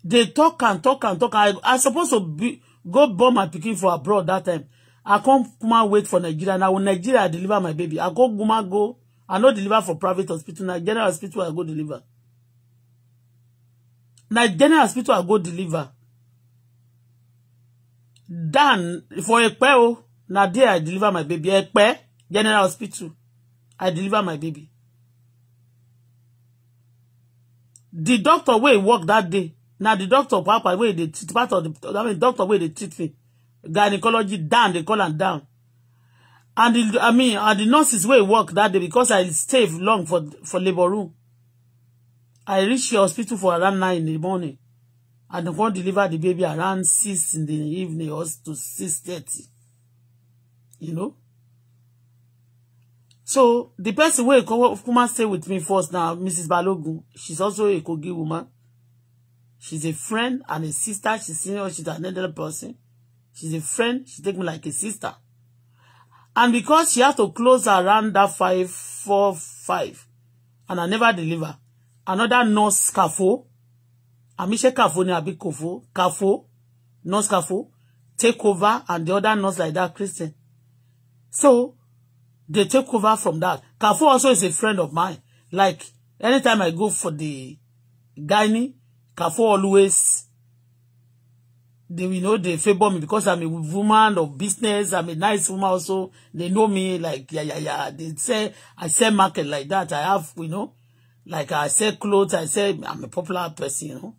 They talk and talk and talk. I, I supposed to be, go bomb my pikin for abroad that time. I come come wait for Nigeria. Now when Nigeria I deliver my baby, I go Guma go. I not deliver for private hospital. Nigeria hospital I go deliver. Nigerian hospital I go deliver. Dan for Epe o. Na there I deliver my baby. Epe General Hospital. I deliver my baby. The doctor wey work that day. Na the doctor papa wey dey treat part of the I mean doctor wey dey treat me. Gynecology down they call am down. And the, I mean and the nurses wey work that day because I stay long for for labour room. I reach the hospital for around nine in the morning and the one deliver the baby around 6 in the evening or to 6.30. You know? So, the person wey Kuma stay with me first now, Mrs. Balogun, she's also a Kogi woman. She's a friend and a sister. She's senior. She's another person. She's a friend. She take me like a sister. And because she has to close around that five, four, five, and I never deliver, another nurse scaffold àmì ṣé kàfó ni àbí kòfó kàfó nurse kàfó take over and the other nurse like that Christian so they take over from that kàfó also is a friend of mine like anytime I go for the gynae kàfó always they you know they favor me because I'm a woman of business. I'm a nice woman also. They know me like yeah yeah yeah. They say I sell market like that. I have you know, like I sell clothes. I say I'm a popular person. You know,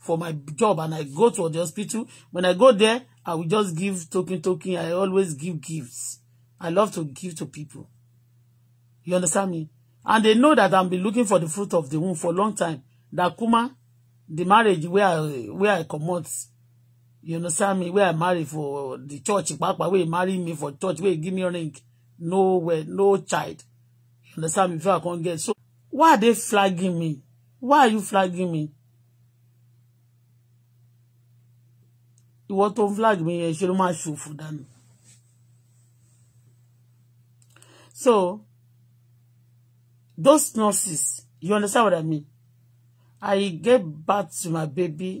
for my job and I go to the hospital. When I go there, I will just give token token. I always give gifts. I love to give to people. You understand me? And they know that I've been looking for the fruit of the womb for a long time. That Kuma, the marriage where I, where I come you understand me, where I marry for the church, Papa, where he marry me for church, where he give me a ring, nowhere, no child. You understand me? If I can't get so, why are they flagging me? Why are you flagging me? ìwọ tó ń flag mi yẹn ṣe ló máa ṣòfò dànù so those nurses you understand what I mean I get back to my baby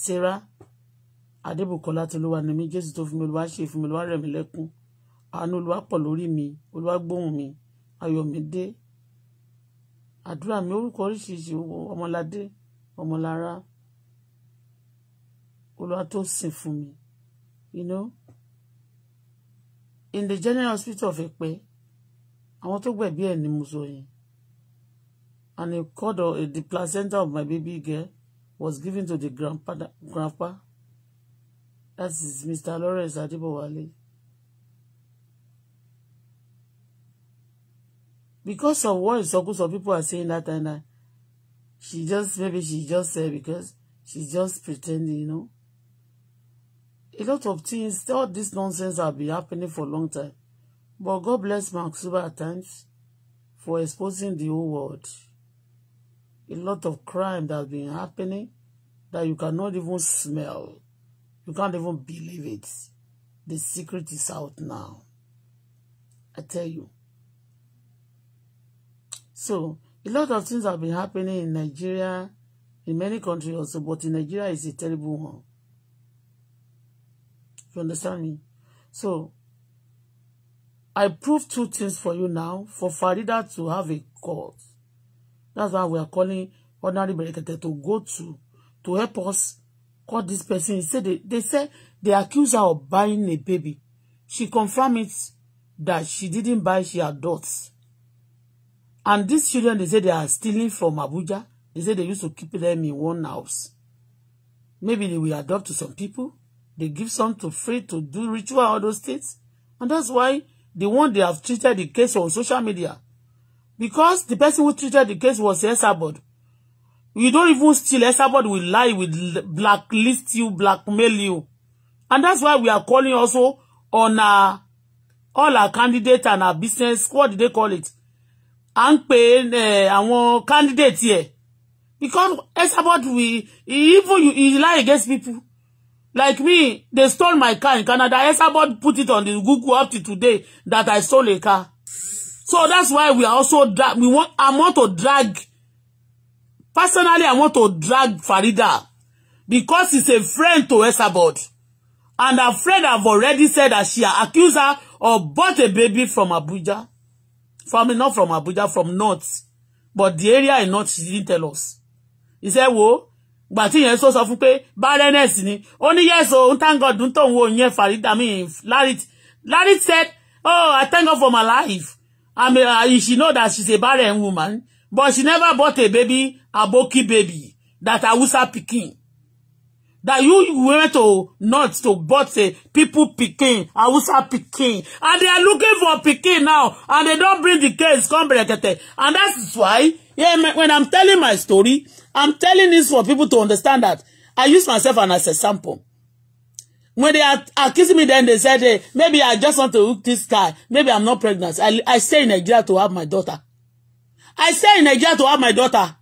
Sarah Adébùkọ́lá tolúwa ni mi Jésù tó fún mi Olúwa ṣe fún mi Olúwa rẹ̀ mi, lẹ́kún àánú Olúwa pọ̀ lórí mi Olúwa gbóhùn mi ayọ̀ mi dé àdúrà mi orúkọ oríṣiríṣi ọmọládé ọmọlára olúwa tó sìn fún mi you know in the general hospital of Èpè àwọn tó gbẹ̀bí ẹ̀ ní mo sọ yẹn and the cord of uh, the placenta of my baby girl was given to the grandpa grandpa that is Mr. Lawrence Adibowale, because of what ìsọkúsọ people are saying that time she just maybe she just said because she just pretending you know a lot of things, all this nonsense have been happening for a long time. But God bless Mark Zuber at times for exposing the whole world. A lot of crime that has been happening that you cannot even smell. You can't even believe it. The secret is out now. I tell you. So, a lot of things have been happening in Nigeria, in many countries also, but in Nigeria is a terrible one. You understand me? So, I prove two things for you now for Farida to have a court, That's why we are calling ordinary Berekete to go to to help us call this person. He said they, they said they accuse her of buying a baby. She confirmed it that she didn't buy, she adults. And these children, they say they are stealing from Abuja. They say they used to keep them in one house. Maybe they will adopt to some people. They give some to free to do ritual, all those things. And that's why the one they have treated the case on social media. Because the person who treated the case was Esabod. You don't even steal. Esabod will lie, will blacklist you, blackmail you. And that's why we are calling also on our, uh, all our candidates and our business, what do they call it? à our pe eh, àwọn candidate yẹ because Esabod we even you he lie against people Like me, they stole my car in Canada. Esabod put it on the Google up to today that I stole a car. So that's why we are also drag. We want. I want to drag. Personally, I want to drag Farida because he's a friend to Esabod, and her friend have already said that she accused her of bought a baby from Abuja, from not from Abuja, from North, but the area in North she didn't tell us. He said, "Whoa." gbà tí yẹn sọ sọ fún pé barrenness ni ó ní yes o oh, thank God ń tóun wo yẹn Farida mi Larit Larit said oh I thank God for my life I mean uh, she know that she's a barren woman but she never bought a baby aboki baby that Hausa pikin that you went to not to but uh, people picking Hausa picking and they are looking for picking now and they don't bring the case come brekete and that's why yeah when I'm telling my story I'm telling this for people to understand that I use myself as a sample when they are accusing me then they said hey, maybe I just want to hook this guy maybe I'm not pregnant I, I stay in Nigeria to have my daughter I stay in Nigeria to have my daughter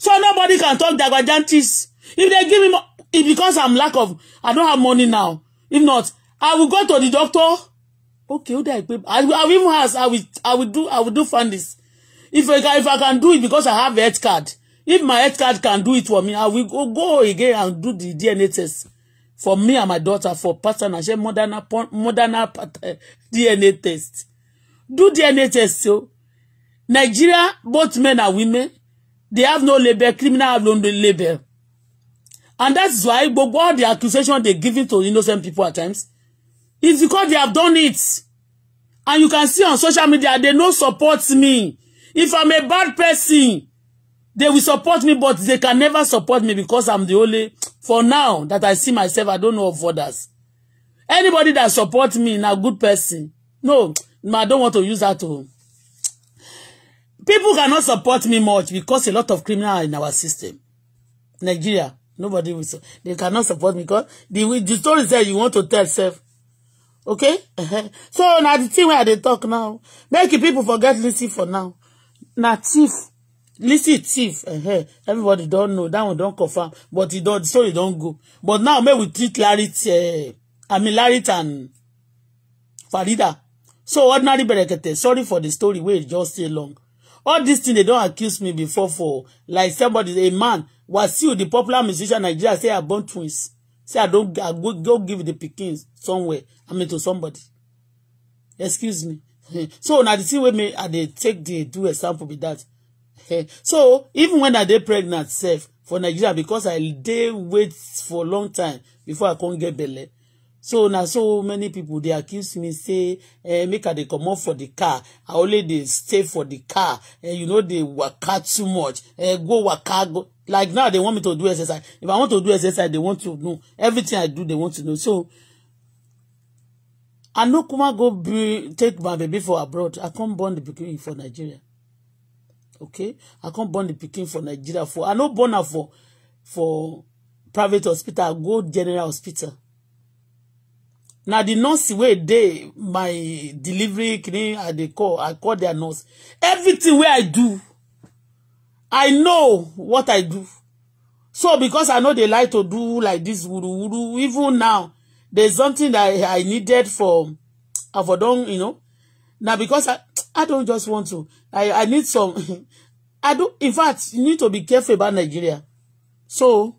so nobody can talk Jagajantis if they give me more It's because I'm lack of, I don't have money now. If not, I will go to the doctor. Okay, ó dà pé I will, I will even ask, I will, I will do, I will do fund this. If I can, if I can do it because I have a health card. If my health card can do it for me, I will go, go again and do the DNA test for me and my daughter for pattern and share Moderna, Moderna pattern, DNA test. Do DNA test so. Nigeria, both men and women, they have no label, criminal have no label. And that's why gbogbo all the accusation they giving to innocent people at times is because they have done it. And you can see on social media, they no support me. If I'm a bad person, they will support me, but they can never support me because I'm the only, for now, that I see myself, I don't know of others. Anybody that supports me na good person. No, I don't want to use that to. People cannot support me much because a lot of criminals are in our system. Nigeria. Nobody will. They cannot support me because the the story say you want to tell self. Okay, so now the thing where they talk now make people forget Lucy for now. Na thief Lizzy thief uh-huh. everybody don't know that one don't confirm but e don't. the story don go but now maybe we treat Larrit uh, eh, I mean Larrit and Farida so ordinary berekete sorry for the story where it just stay long all dis thing they don't accuse me before for like somebody a man was wasiu the popular musician nigeria say i born twins say i don go go give the pickings somewhere i mean to somebody excuse me so na di thing me i they take dey do example with that so even when i dey pregnant sef for nigeria because i dey wait for long time before i come get belly so na so many people dey accuse me say eh, make i dey comot for the car i only dey stay for the car eh, you no dey waka too much eh, go waka go like now they want me to do exercise if i want to do exercise they want to know everything i do they want to know so i no kuma go be take my baby for abroad i come born the pikin for nigeria okay i come born the pikin for nigeria for i no born am for for private hospital i go general hospital na the nurse wey dey my delivery clinic i dey call i call their nurse everything wey i do i know what i do so because i no dey like to do like this wuruwuru even now there's something that i needed for I avodon you know na because i i don just want to i i need some i do in fact you need to be careful about nigeria so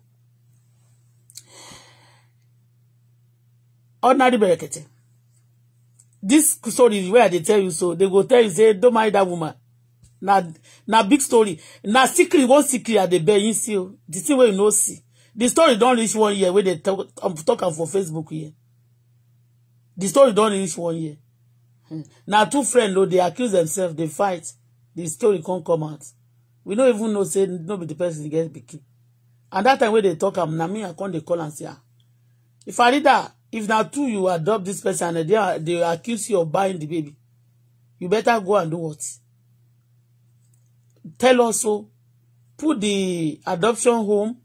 ordinary berekete this story wey i dey tell you so they go tell you say don't mind that woman Now, now big story now secret one secret i dey beg you see o the thing wey you know see the story don't reach one year Where they talk am um, talk am for facebook here the story don't reach one year hmm. Now two friends o they accuse themselves they fight the story can't come out we don't even know say nobody the person get pikin and that time where they talk am now me i come dey call and say ah, if i did that if now true you adopt this person and they, they accuse you of buying the baby you better go and do what tell also put the adoption home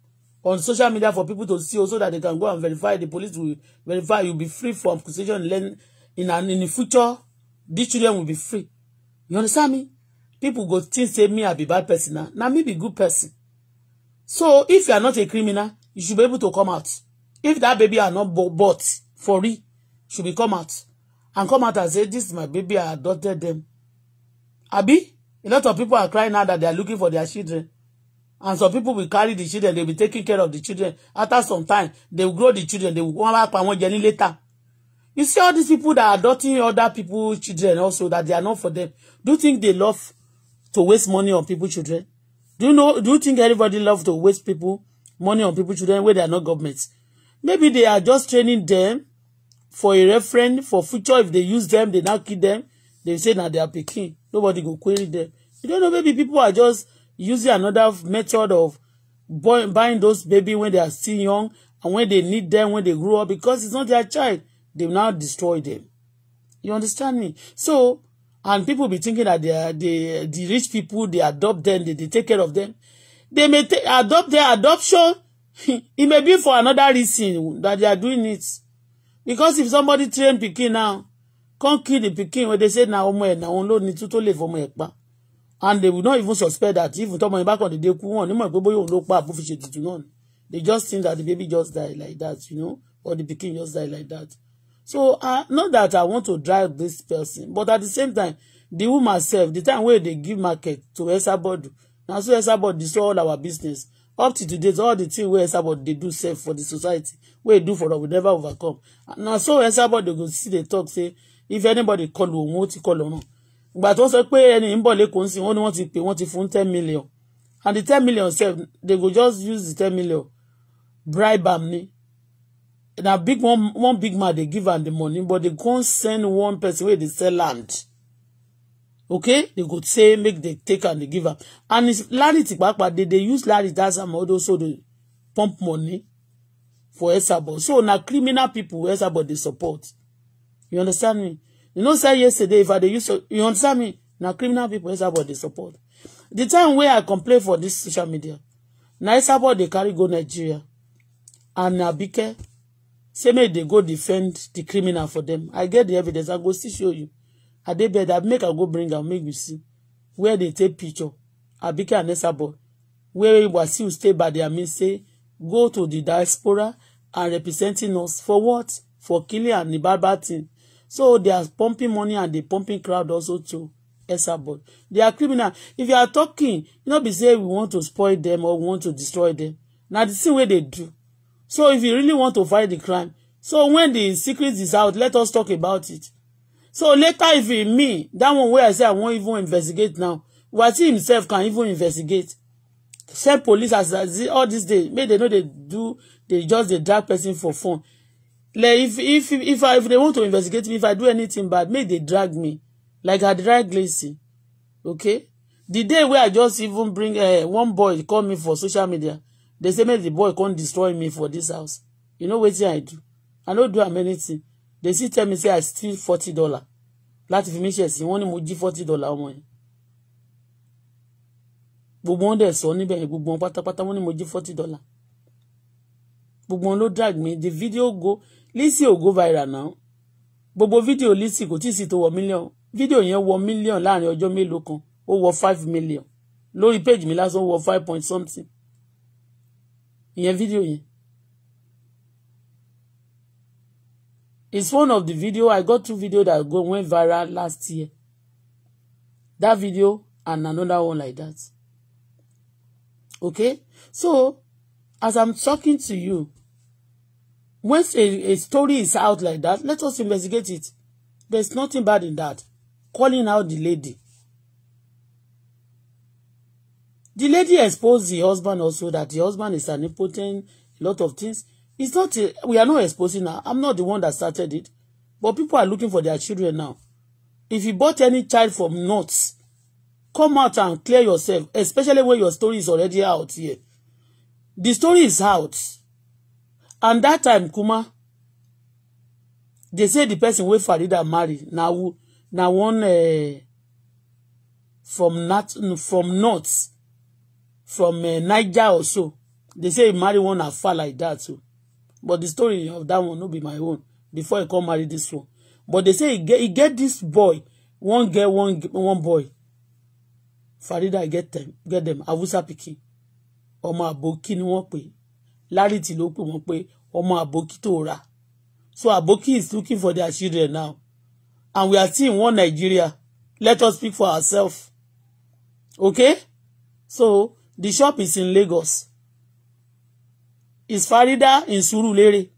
on social media for people to see also that they can go and verify the police will verify you'll be free from accusation learn in and in the future these children will be free you understand me people go think say me i be bad person now. Ah. Now me be good person so if you are not a criminal you should be able to come out if that baby are not bought for real should be come out and come out and say this is my baby I adopted them abi a lot of people are crying now that they are looking for their children and some people will carry the children they will be taking care of the children after some time they will grow the children they will wọn back and wọn jẹ later you see all these people that are adopting other people children also that they are not for them do you think they love to waste money on people children do you know do you think everybody love to waste people money on people children wey they are not governments? Maybe they are just training them for a reference for future. If they use them, they now kill them. They say now they are picking. Nobody go query them. You don't know, maybe people are just using another method of buying those baby when they are still young and when they need them when they grow up because it's not their child. They now destroy them. You understand me? So, and people be thinking that they are the the rich people they adopt them, they, they take care of them. They may adopt their adoption it may be for another reason that they are doing it because if somebody train pikin now can't kill the pikin when they say na ọmọ ẹ̀ na òun ló ní tú tó and they will not even suspect that even tọmọ yẹn bá kàn dédé kú wọn nímọ̀ pé bóyá òun look back before she did náà ni they just think that the baby just died like that you know or the pikin just died like that so uh, not that i want to drive this person but at the same time the woman herself, the time where they give market to Esabod na so Esabod destroy all our business up to today all the thing wey Esabod dey do sef for the society wey e do for them we never overcome na so Esabod dey go still dey talk say if anybody call òun ó ti call ọ̀run ìgbà tó sọ pé ẹni ń bọ̀ lẹ́kọ̀ọ́ ń sìn wọ́n ni wọ́n ti pè wọ́n ti fún ten million and the ten million sef they go just use the ten million bribe am ni na big one one big man dey give am the money but they come send one person wey dey sell land okay they go say make they take and they give up, and it's larity papa they they use larity as model so they pump money for esabo so now criminal people esabo dey support you understand me you know say yesterday if i dey use you understand me Now criminal people esabo dey support the time where i complain for this social media now esabo dey carry go nigeria and abike say make dey go defend the criminal for them i get the evidence i go still show you Adebed abi make I go bring am make you see where they take picture Abike boy. where Wasiu stay by their mean say go to the diaspora and representing us for what for killing and the barbar thing so they are pumping money and they pumping crowd also too. to boy, they are criminal if you are talking you no be say we want to spoil them or we want to destroy them na the thing wey they do so if you really want to fight the crime so when the secret is out let us talk about it So later, if it me, that one where I say I won't even investigate now, Wati himself can even investigate. Say police as, as all this day, May they know they do, they just they drag person for fun. Like if if if I if they want to investigate me, if I do anything bad, may they drag me, like I drag Lacey. Okay, the day where I just even bring uh, one boy call me for social media, they say make the boy come destroy me for this house. You know wetin I do? I don't do anything they still tell me say I steal forty dollar láti fi mí ṣe sí wọ́n ní mo jí forty dollar ọmọ yẹn gbogbo wọn dẹ̀ sọ níbẹ̀ yẹn gbogbo wọn pátápátá wọ́n ní mo jí forty dollar gbogbo wọn ló drag me the video go Lizzy ò go viral now gbogbo fídíò Lizzy kò tí ì sì tó wọ mílíọ̀n fídíò yẹn wọ mílíọ̀n láàrin ọjọ́ mélòó kan ó wọ five million lórí page mi lásán ó wọ five point something ìyẹn video yẹn It's one of the video. I got two video that went viral last year. That video and another one like that. Okay? So, as I'm talking to you, once a, a story is out like that, let us investigate it. There's nothing bad in that. Calling out the lady. The lady exposed the husband also that the husband is an impotent, a lot of things. It's not, a, we are not exposing her. I'm not the one that started it. But people are looking for their children now. If you bought any child from nuts, come out and clear yourself, especially when your story is already out here. The story is out. And that time, Kuma, they say the person wey Farida marry na na one uh, from not from north from uh, Niger or so. They say he marry one afar like that too. So but the story of that one no be my own before he come marry this one but they say he get he get this boy one girl one one boy Farida get them get them Hausa pikin ọmọ àbókí ni wọ́n pè Larity ló pè wọ́n pé ọmọ àbókí tó rà so aboki is looking for their children now and we are seeing one Nigeria let us speak for ourselves okay so the shop is in Lagos is Farida in Surulere.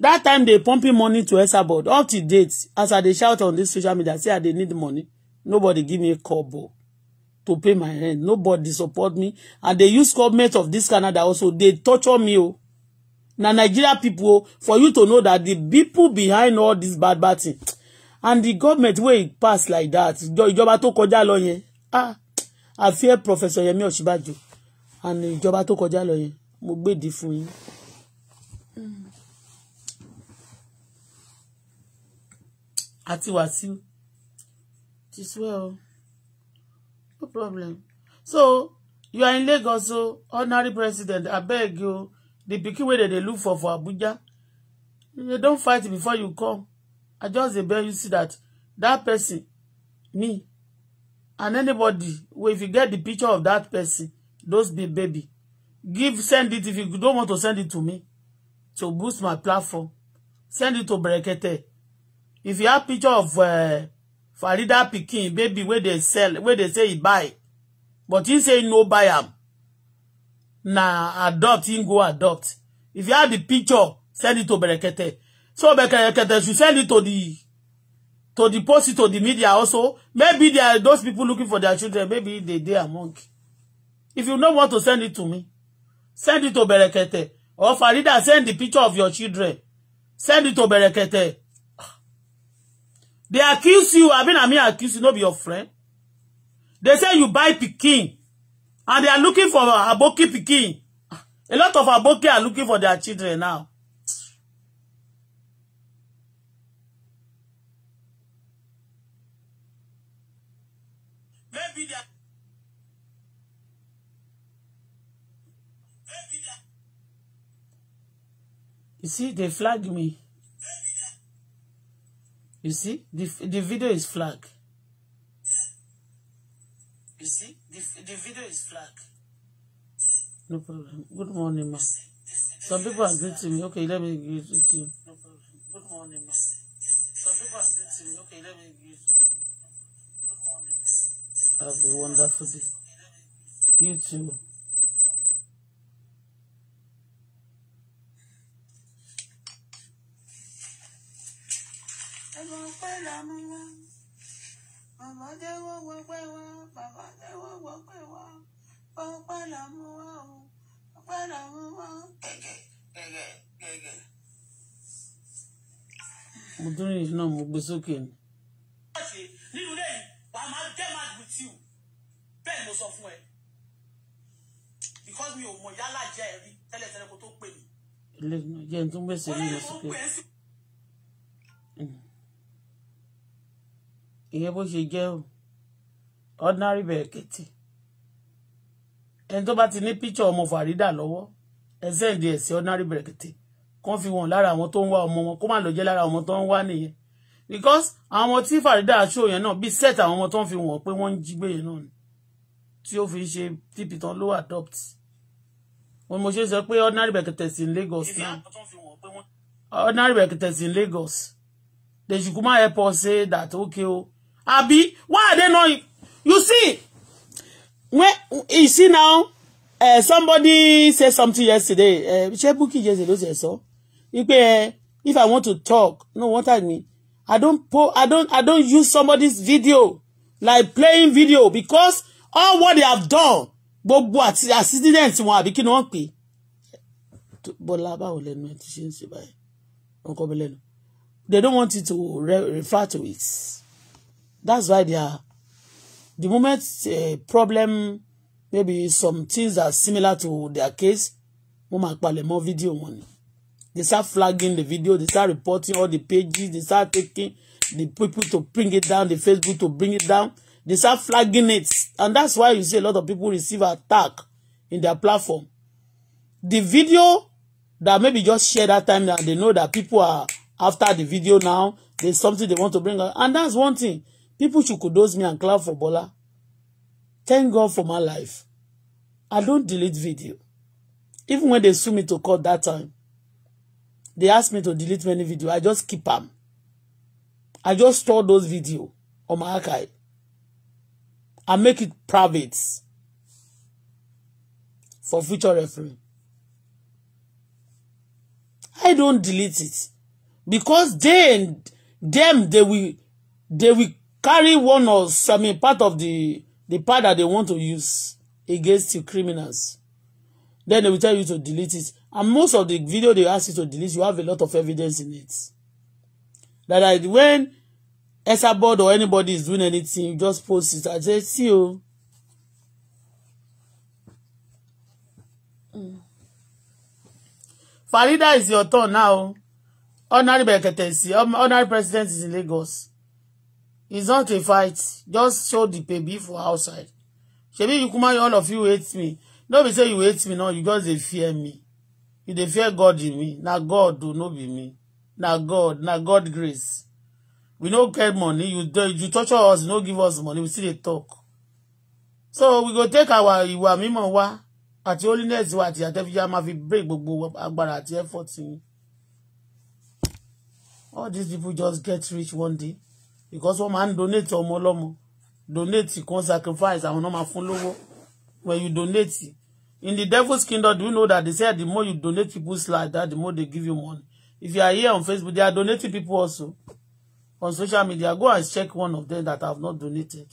That time they pumping money to Esabod. Up to date, as I they shout on this social media, say I they need money. Nobody give me a kobo to pay my rent. Nobody support me. And they use government of this Canada also. They torture me. Oh. Na Nigeria people, oh. for you to know that the people behind all this bad bad thing. And the government wey pass like that, ìjọba tó kọjá lọ yẹn. Ah, I fear Professor Yemi Ọ̀ṣínbàjò and ìjọba tó kọjá lọ yẹn mo gbèdì fún yín. àti Wàsíù. tis well no problem so you are in Lagos o honorary president abeg o the pikin wey dem dey look for for Abuja they don fight before you come I just dey beg you see that that person me and anybody well, if you get the picture of that person those big baby give send it if you don't want to send it to me to boost my platform send it to Brekete if you have picture of uh, Farida pikin baby where they sell where they say he buy but he say no buy him. Nah, adopt he go adopt if you have the picture send it to Brekete so Brekete should send it to the to deposit it to the media also. Maybe there are those people looking for their children. Maybe they they are monk. If you don't want to send it to me, send it to Berekete. Or Farida, send the picture of your children. Send it to Berekete. They accuse you. I mean, I mean, accuse you, not be your friend. They say you buy Peking. And they are looking for Aboki Peking. A lot of Aboki are looking for their children now. You see, they flag me. You see, the, the video is flagged. You see, the, the video is flagged. No problem. Good morning, ma. Some people are greeting me. Okay, let me greet you. No problem. Good morning, ma. Some people are greeting me. Okay, let me greet you. Have a wonderful day. You too. ọpẹ́ la mú wá màmá jẹ́wọ́ wọpẹ́ wá bàbá jẹ́wọ́ wọpẹ́ wá ọpẹ́ mo dúró yìí náà mo gbé sókè ni. nínú lẹ́yìn wà á máa get mad with you bẹ́ẹ̀ mo sọ fún ẹ because mi ò mọ yálà jẹ́ ẹ̀rí tẹ́lẹ̀tẹ́lẹ̀ kó tó pè mí. ilé ìjẹun tó ń gbèsè ní ìlọsókè. ìyẹn bó ṣe jẹ́ o ordinary bẹ̀ẹ̀kẹ̀tì ẹni tó bá ti ní picture ọmọ Farida lọ́wọ́ ẹ sẹ́ǹdì ẹ̀ sí ordinary bẹ̀ẹ̀kẹ̀tì kan fi wọn lára àwọn tó ń wá ọmọ wọn kó má lọ jẹ́ lára ọmọ tó ń wá nìyẹn because àwọn ọmọ tí Farida aṣọ yẹn náà bíi set àwọn ọmọ tó ń fi wọn pé wọ́n ń jí gbé yẹn náà ni tí ó fi ṣe tp tán ló adopt wọn mo ṣe sọ pé ordinary bẹ̀ẹ̀kẹ̀tì sí Lagos náà ordinary bẹ̀ẹ̀kẹ̀tì sí Lagos they should come help us say that okay o. Abi, why are they not? You see, when you see now, uh, somebody said something yesterday. Uh, Shebuki yesterday said so. If I want to talk, no, what I mean, I don't po I don't I don't use somebody's video like playing video because all what they have done, But what accident wọn àbí kí ni wọ́n They don't want you to refer to it. That's why they are, the moment a eh, problem, maybe some things are similar to their case, wọ́n máa palẹ̀ mọ́ fídíò wọn They start flagging the video, they start reporting all the pages, they start taking the people to bring it down, the Facebook to bring it down. They start flagging it. And that's why you see a lot of people receive attack in their platform. The video that maybe just share that time that they know that people are after the video now, there's something they want to bring up. And that's one thing. People should kudos me and clap for Bola. Thank God for my life. I don't delete video. Even when they sue me to court that time, they ask me to delete many video. I just keep them. I just store those video on my archive. I make it private for future reference. I don't delete it because they and them they will they will carry one or I mean part of the the part that they want to use against you criminals then they will tell you to delete it and most of the video they ask you to delete you have a lot of evidence in it that I when Esabod or anybody is doing anything you just post it I say see you. Farida is your turn now ordinary Beketensi ordinary president is in Lagos It's not a fight. Just show the baby for outside. Shebi you come all of you hate me. Don't be say you hate me, no. You just dey fear me. You dey fear God in me. Now God do not be me. Now God, now God grace. We no get money. You you torture us, you no give us money. We still they talk. So we go take our you ìwà mímọ́ wa àti holiness wa àti àtẹ́fíjà Have fi break gbogbo agbára àti effort yín. All these people just get rich one day because wọ́n máa ń donate ọmọ ọlọ́mọ donate con sacrifice àwọn náà máa fún lówó when you donate in the devil's kingdom do you know that they say the more you donate people life that the more they give you money if you are here on Facebook they are donating people also on social media go and check one of them that have not donated.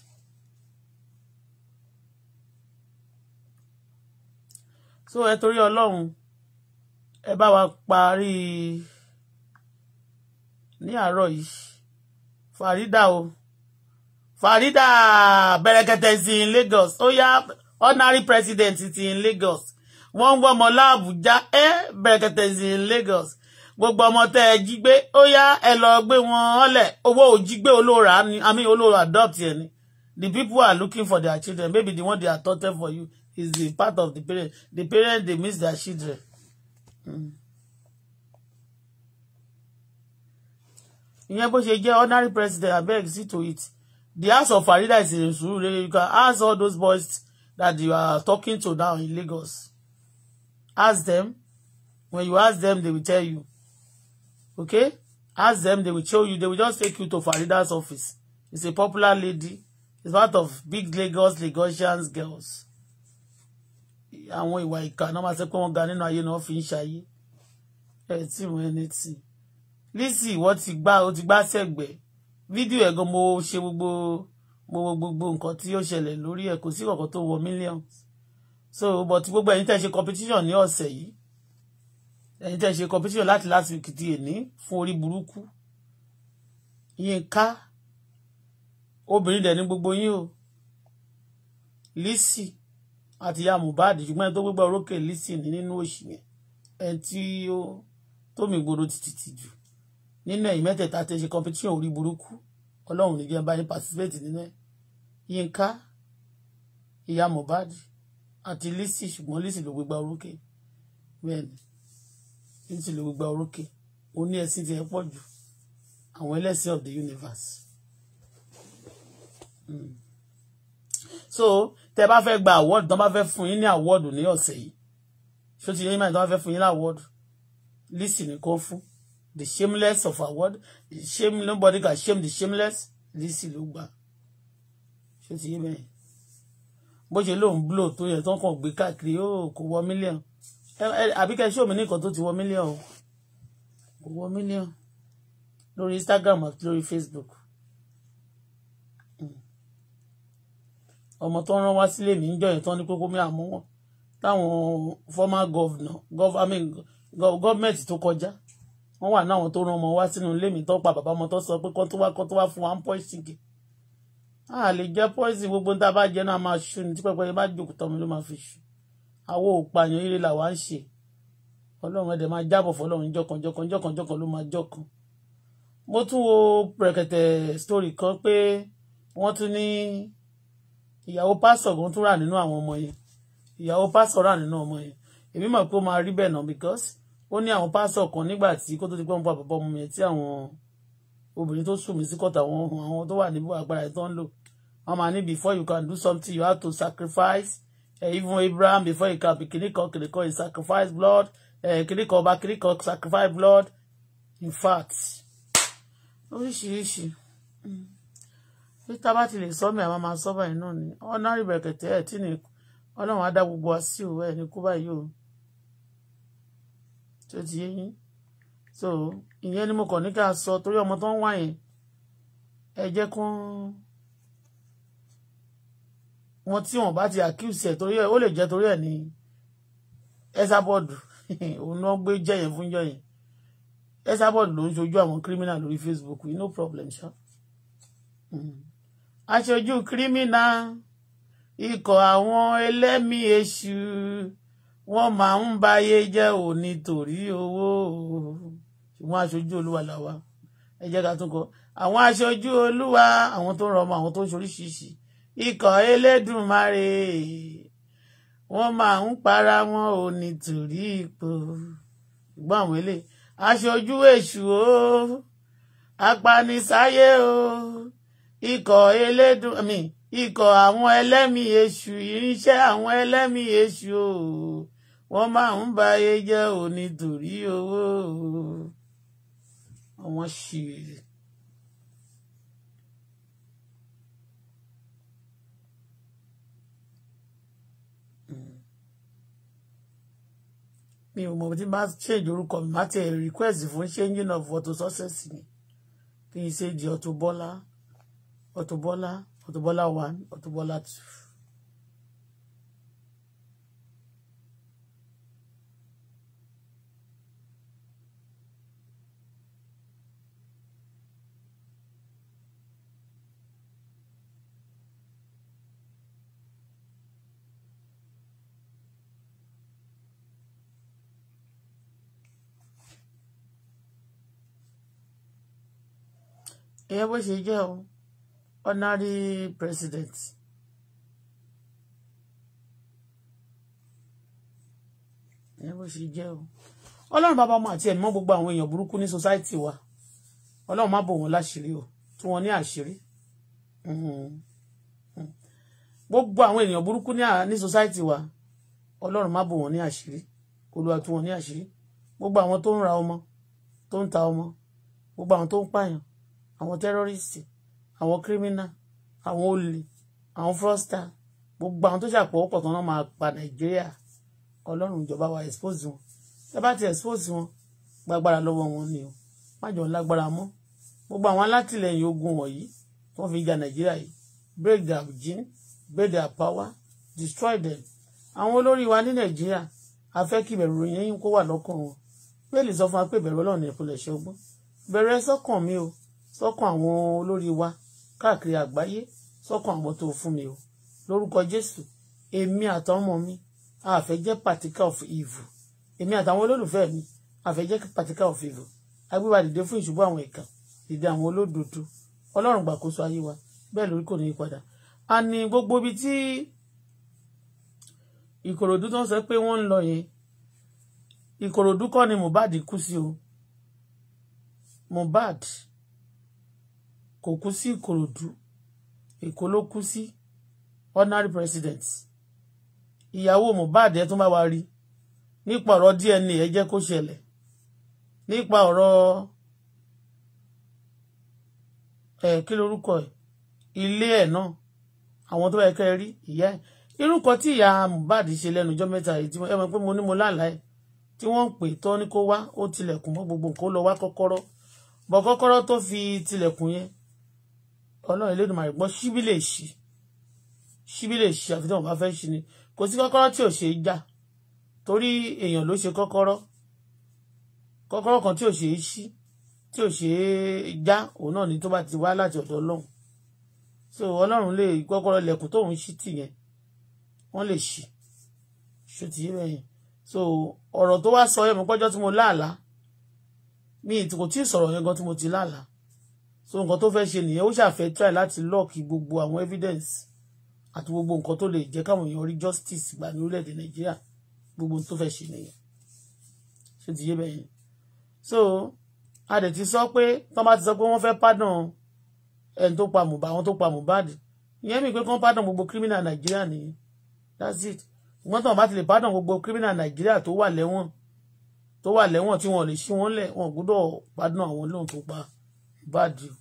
so ẹ torí ọlọ́run ẹ bá wa parí ní àárọ̀ yìí Farida o Farida bẹ̀rẹ̀kẹ̀tẹ̀ sí in Lagos ó yá ordinary president ti in Lagos wọ́n ń gbọ́ ọmọ láàbùjá ẹ bẹ̀rẹ̀kẹ̀tẹ̀ sí in Lagos gbogbo ọmọ tẹ́ ẹ jí gbé ó yá ẹ lọ gbé wọn ọlẹ̀ owó òjígbé olóòrà ni àmì olóòrà adopt yẹn ni the people are looking for their children maybe the one they are talking for you is the part of the parent the parent they miss their children. Mm. ìyẹn bó ṣe jẹ́ ordinary president abeg see to it the house of farida is in Surulere you can ask all those boys that you are talking to now in Lagos ask them when you ask them they will tell you okay ask them they will show you they will just take you to farida's office it's a popular lady it's part of big Lagos Lagosians girls àwọn ìwà ìkà náà máa ṣe pé wọn ga nínú ayé náà fi ń ṣayé ẹ tí mo ẹni tì í. Lizzy ìwọ ti gbá o ti gbá sẹ́gbẹ̀ fídíò ẹ̀ gan mo ṣe gbogbo mo wo gbogbo nǹkan tí ó ṣẹlẹ̀ lórí ẹ̀ kò sí kankan tó wọ millions so but gbogbo ẹ̀yin tẹ́ ṣe competition ní ọ̀sẹ̀ yìí ẹ̀yin tẹ́ ṣe competition láti last week ti èní fún orí burúkú Yínká obìnrin dẹ̀ ní gbogbo yín o Lizzy àti ya Mohbad ṣùgbọ́n ẹni tó gbégbá orókè Lizzy ní nínú òṣì yẹn ẹni tí ó tómi gbòòrò títí jù nínú ẹ̀yìn mẹ́tẹ̀ẹ̀ta tẹ ṣe competition orí burúkú ọlọ́run ní kí n bá yín participate nínú ẹ̀ Yínká ìyá Mohbad àti Lizzy ṣùgbọ́n Lizzy ló gbégbá orókè bẹ́ẹ̀ ni Lizzy ló gbégbá orókè ó ẹ̀sìn ti pọ̀ jù àwọn ẹlẹ́sìn of the universe. Hmm. so tẹ bá fẹ́ gba award tán bá fẹ́ fún yín ní award ní ọ̀sẹ̀ yìí ṣó ti yẹ yín máa tán bá fẹ́ fún yín ní award Lizzy ni kò fún the shameless of our world the shame nobody can shame the shameless Lizzy ló gbà ṣé ti yé bẹ́ẹ̀ bó ṣe lóun blow tó yẹ tán kàn gbé káàkiri ó kò wọ mílíọ̀n àbí kẹ́ ṣóòmù ní nǹkan tó ti wọ Million. o kò wọ mílíọ̀n lórí Instagram àti lórí Facebook hmm. ọmọ tó ń rán wá sílé mi ń jọ yẹn tán ní kókó mi àmú wọn táwọn former governor government tó kọjá wọ́n wà náà tó rán ọmọ wá sínú ilé mi tó pa bàbá ọmọ tó sọ pé kó tó wá kó tó wá fún wa ń poison kì á lè jẹ poison gbogbo tá a bá jẹ náà máa ṣú ni tí pẹpẹ bá jòkó tọmọ ló máa fi ṣú àwo òpààyàn eré làwa ń ṣe Ọlọ́run ẹdẹ máa jábọ̀ fọ́lọ́run jọkan jọkan jọkan jọkan ló máa jọkan mo tún wo pẹ̀rẹ̀kẹ̀tẹ̀ story kan pé wọ́n tún ní ìyàwó pásọ̀ kan tún rà nínú àwọn ọmọ yẹn ìyàwó pásọ̀ rà nínú ọmọ yẹn èmi mọ̀ pé ó máa rí bẹ́ẹ̀ náà because ó ní àwọn pásọ kan nígbà tí kó tó ti pẹ́ wọn pa bàbá yẹn tí àwọn obìnrin tó sùn mí sí kọ̀tà wọn àwọn tó wà níbú agbára ẹ̀ tó ń lò wọn máa ní before you can do something you have to sacrifice eh, even Abraham before he can be kìnìkan kìnìkan he sacrifice blood eh, kìnìkan ọba kìnìkan sacrifice blood in fact oríṣiríṣi bí tá a bá ti lè sọ mi àwọn máa sọ báyìí náà ni ọ̀nà ìbẹ̀kẹ̀tẹ̀ ẹ̀ tí ni ọlọ́run á dá gbogbo wa sí òwe ẹ̀ ní kú báyìí o tó ti yé yín so ìyẹn ni mo kàn ní ká sọ torí ọmọ tó ń wá yẹn ẹ jẹ́ kán wọn tí wọn bá ti accuse ẹ torí ẹ ó lè jẹ́ torí ẹ ní ẹsàbọọdù òun náà gbé jẹyẹn fún jọyẹn ẹsàbọọdù ló ń ṣojú àwọn criminal lórí Facebook yìí no problem ṣá hmm. aṣojú criminal ikọ̀ àwọn ẹlẹ́mìí èṣù wọ́n máa ń báyé jẹ́ ò nítorí owó ṣùgbọ́n aṣojú olúwa làwa ẹ jẹ́ ká tún kọ àwọn aṣojú olúwa àwọn tó rọmọ àwọn tó ṣoríṣiríṣi ikọ̀ elédùnmarè wọ́n máa ń para wọn ò nítorí ipò ṣùgbọ́n àwọn ilé aṣojú èṣù o apanisáyé o ikọ̀ elédùn ikọ̀ àwọn ẹlẹ́mìí èṣù irinṣẹ́ àwọn ẹlẹ́mìí èṣù o wọ́n máa ń ba ayé jẹ́ o nítorí owó àwọn ṣì. Hmm. mi ò mọ̀ tí bá change orúkọ mi má tiẹ̀ request fún changing of Auto Success ni kì í ṣe di Auto Bola Auto Bola. Auto Bola 1, Auto Bola 2. ẹ bó ṣe jẹ́ Honorary President. ẹ bó ṣe jẹ́ o ọlọ́run bàbá ọmọ àti ẹ̀mí mọ́ gbogbo àwọn èèyàn burúkú ní society wa ọlọ́run má bò wọ́n láṣìírí o tú wọn ní àṣírí gbogbo àwọn èèyàn burúkú ní society wa ọlọ́run má bò wọ́n ní àṣírí Olúwa tú wọn ní àṣírí gbogbo àwọn tó ń ra ọmọ tó ń ta ọmọ gbogbo àwọn tó ń pààyàn àwọn tẹ́rọ́rìsì àwọn kírímínà àwọn olè àwọn frosta gbogbo àwọn tó ṣàpọ̀wọ́pọ̀ tán náà máa pa nàìjíríà ọlọ́run ìjọba wa expose wọn tí a bá ti expose wọn gbàgbára lọ́wọ́ wọn ni o má lágbára mọ́ gbogbo àwọn alátìlẹyìn ogun wọ̀nyí tí wọ́n fi ja nàìjíríà yìí break their gene break their power destroy them àwọn olórí wa ní nàìjíríà a fẹ́ kí ìbẹ̀rù yẹn kó wà lọ́kàn wọn bẹ́ẹ̀lì sọ fún wa pé ìbẹ̀rù ọlọ́run ìpìlẹ̀ ṣọgbọ́n bẹ̀rẹ̀ sọ́kàn mi o sọ́kàn àwọn olórí wa káàkiri àgbáyé sọ́kàn àgbọ̀ tó fún mi o lórúkọ jésù èmi àtàwọn mi a fẹ́ jẹ́ pàtíkà of evil èmi àtàwọn olólùfẹ́ mi a fẹ́ jẹ́ pàtíkà of evil agbéwà dìde fún ìṣubú àwọn ìkà dìde àwọn olódodo ọlọ́run gbàkóso ayé wa bẹ́ẹ̀ lórí kò ní í padà a ní gbogbo ibi tí ìkòròdú tó ń sọ pé wọ́n ń lọ yẹn ìkòròdú kọ́ ni mohbad kú sí o mohbad kò kú sí ìkòròdú èkó ló kú sí ordinary president ìyàwó Mohbad ẹ tún bá wa rí nípa ọ̀rọ̀ DNA ẹ jẹ́ kó ṣẹlẹ̀ nípa ọ̀rọ̀ ẹ kí lorúkọ ẹ ilé ẹ náà àwọn tó yẹ kẹ rí ìyá ẹ irúkọ tí ìyá Mohbad ṣe lẹ́nu ọjọ́ mẹ́ta yìí tí ẹ mọ̀ pé mo ní mo láàlá tí wọ́n ń pè tọ́ ní kó wá ó tilẹ̀kùn mọ́ gbogbo nǹkan ó lọ wá kọ́kọ́rọ́ bọ́ kọ́kọ́rọ́ tó fi tilẹ̀kùn yẹn ọlọ́run Elédùmarè gbọ́ síbí lè ṣí síbí lè ṣí àfi tí wọn bá fẹ́ ṣí ni kò sí kọ́kọ́rọ́ tí ò ṣe é já torí èèyàn ló ṣe kọ́kọ́rọ́ kọ́kọ́rọ́ kan tí ò ṣe é ṣí tí ò ṣe é já òun náà ni tó bá ti wá láti ọ̀dọ̀ ọlọ́run so ọlọ́run lè kọ́kọ́rọ́ lẹ̀kùn tóun ṣí tì yẹn wọ́n lè ṣí ṣó ti yé bẹ́yẹn so ọ̀rọ̀ tó wá sọ yẹn mo pẹ́jọ́ tí mo láàlá mi ìtìkò tí ì sọ̀rọ̀ yẹn gan tí mo ti láàlá so nǹkan tó fẹ́ ṣe nìyẹn ó ṣàfẹ́ try láti lock gbogbo àwọn evidence àti gbogbo nǹkan tó lè jẹ́ káwọn èèyàn rí justice gbà ní orílẹ̀-èdè nàìjíríà gbogbo tó fẹ́ ṣe nìyẹn ṣé ti yé bẹ́ẹ̀ so a dẹ̀ ti sọ pé tọ́ bá ti sọ pé wọ́n fẹ́ pardon ẹni tó pa Mohbad àwọn tó pa Mohbad ìyẹn mi pé kán pardon gbogbo criminal nàìjíríà nìyẹn that's it ṣùgbọ́n tọ́ bá ti lè pardon gbogbo criminal nàìjíríà tó wà lẹ́wọ̀n tó wà lẹ́wọ̀n tí wọ́n lè ṣí wọ́n lẹ̀ wọ́n gbọ́dọ̀ pardon àwọn lóhun tó pa bad deal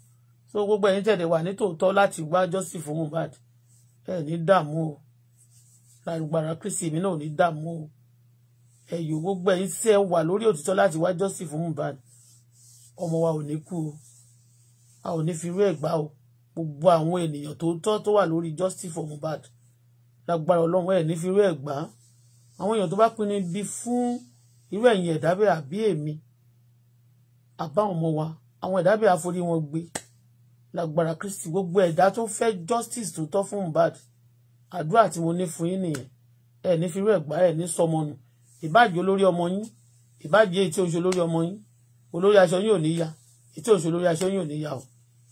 so gbogbo ẹ̀yin tẹ̀lé wà nítòótọ́ láti wá justice fún Mohbad ẹ ní dààmú o lágbára Kristi mi náà ní dààmú o ẹ̀yọ́ gbogbo ẹ̀yin tí ẹ wà lórí òtítọ́ láti wá justice fún Mohbad ọmọ wa ò ní kú o a ò ní fi irú ẹ̀ gbá o gbogbo àwọn ènìyàn tó tọ́ tó wà lórí justice for Mohbad lágbára ọlọ́run ẹ̀ ní fi irú ẹ̀ gbá àwọn èèyàn tó bá pinnu bí fún irú ẹ̀yìn ẹ̀dábẹ́ àbí èmi àbáwọn ọmọ wa àwọn ẹ̀dábẹ́ àforí wọn gbé lágbára kristi gbogbo ẹ̀dá tó fẹ́ justice tó tọ́ fún Mohbad àdúrà tí mo ní fún yín nìyẹn ẹ ní fi rú ẹ̀gbá ẹ ní sọmọnù ìbáàjì olórí ọmọ yín ìbáàjì èyí tí ó ń ṣe olórí ọmọ yín olórí aṣọ yín ò ní ya èyí tí ó ń ṣe olórí aṣọ yín ò ní ya o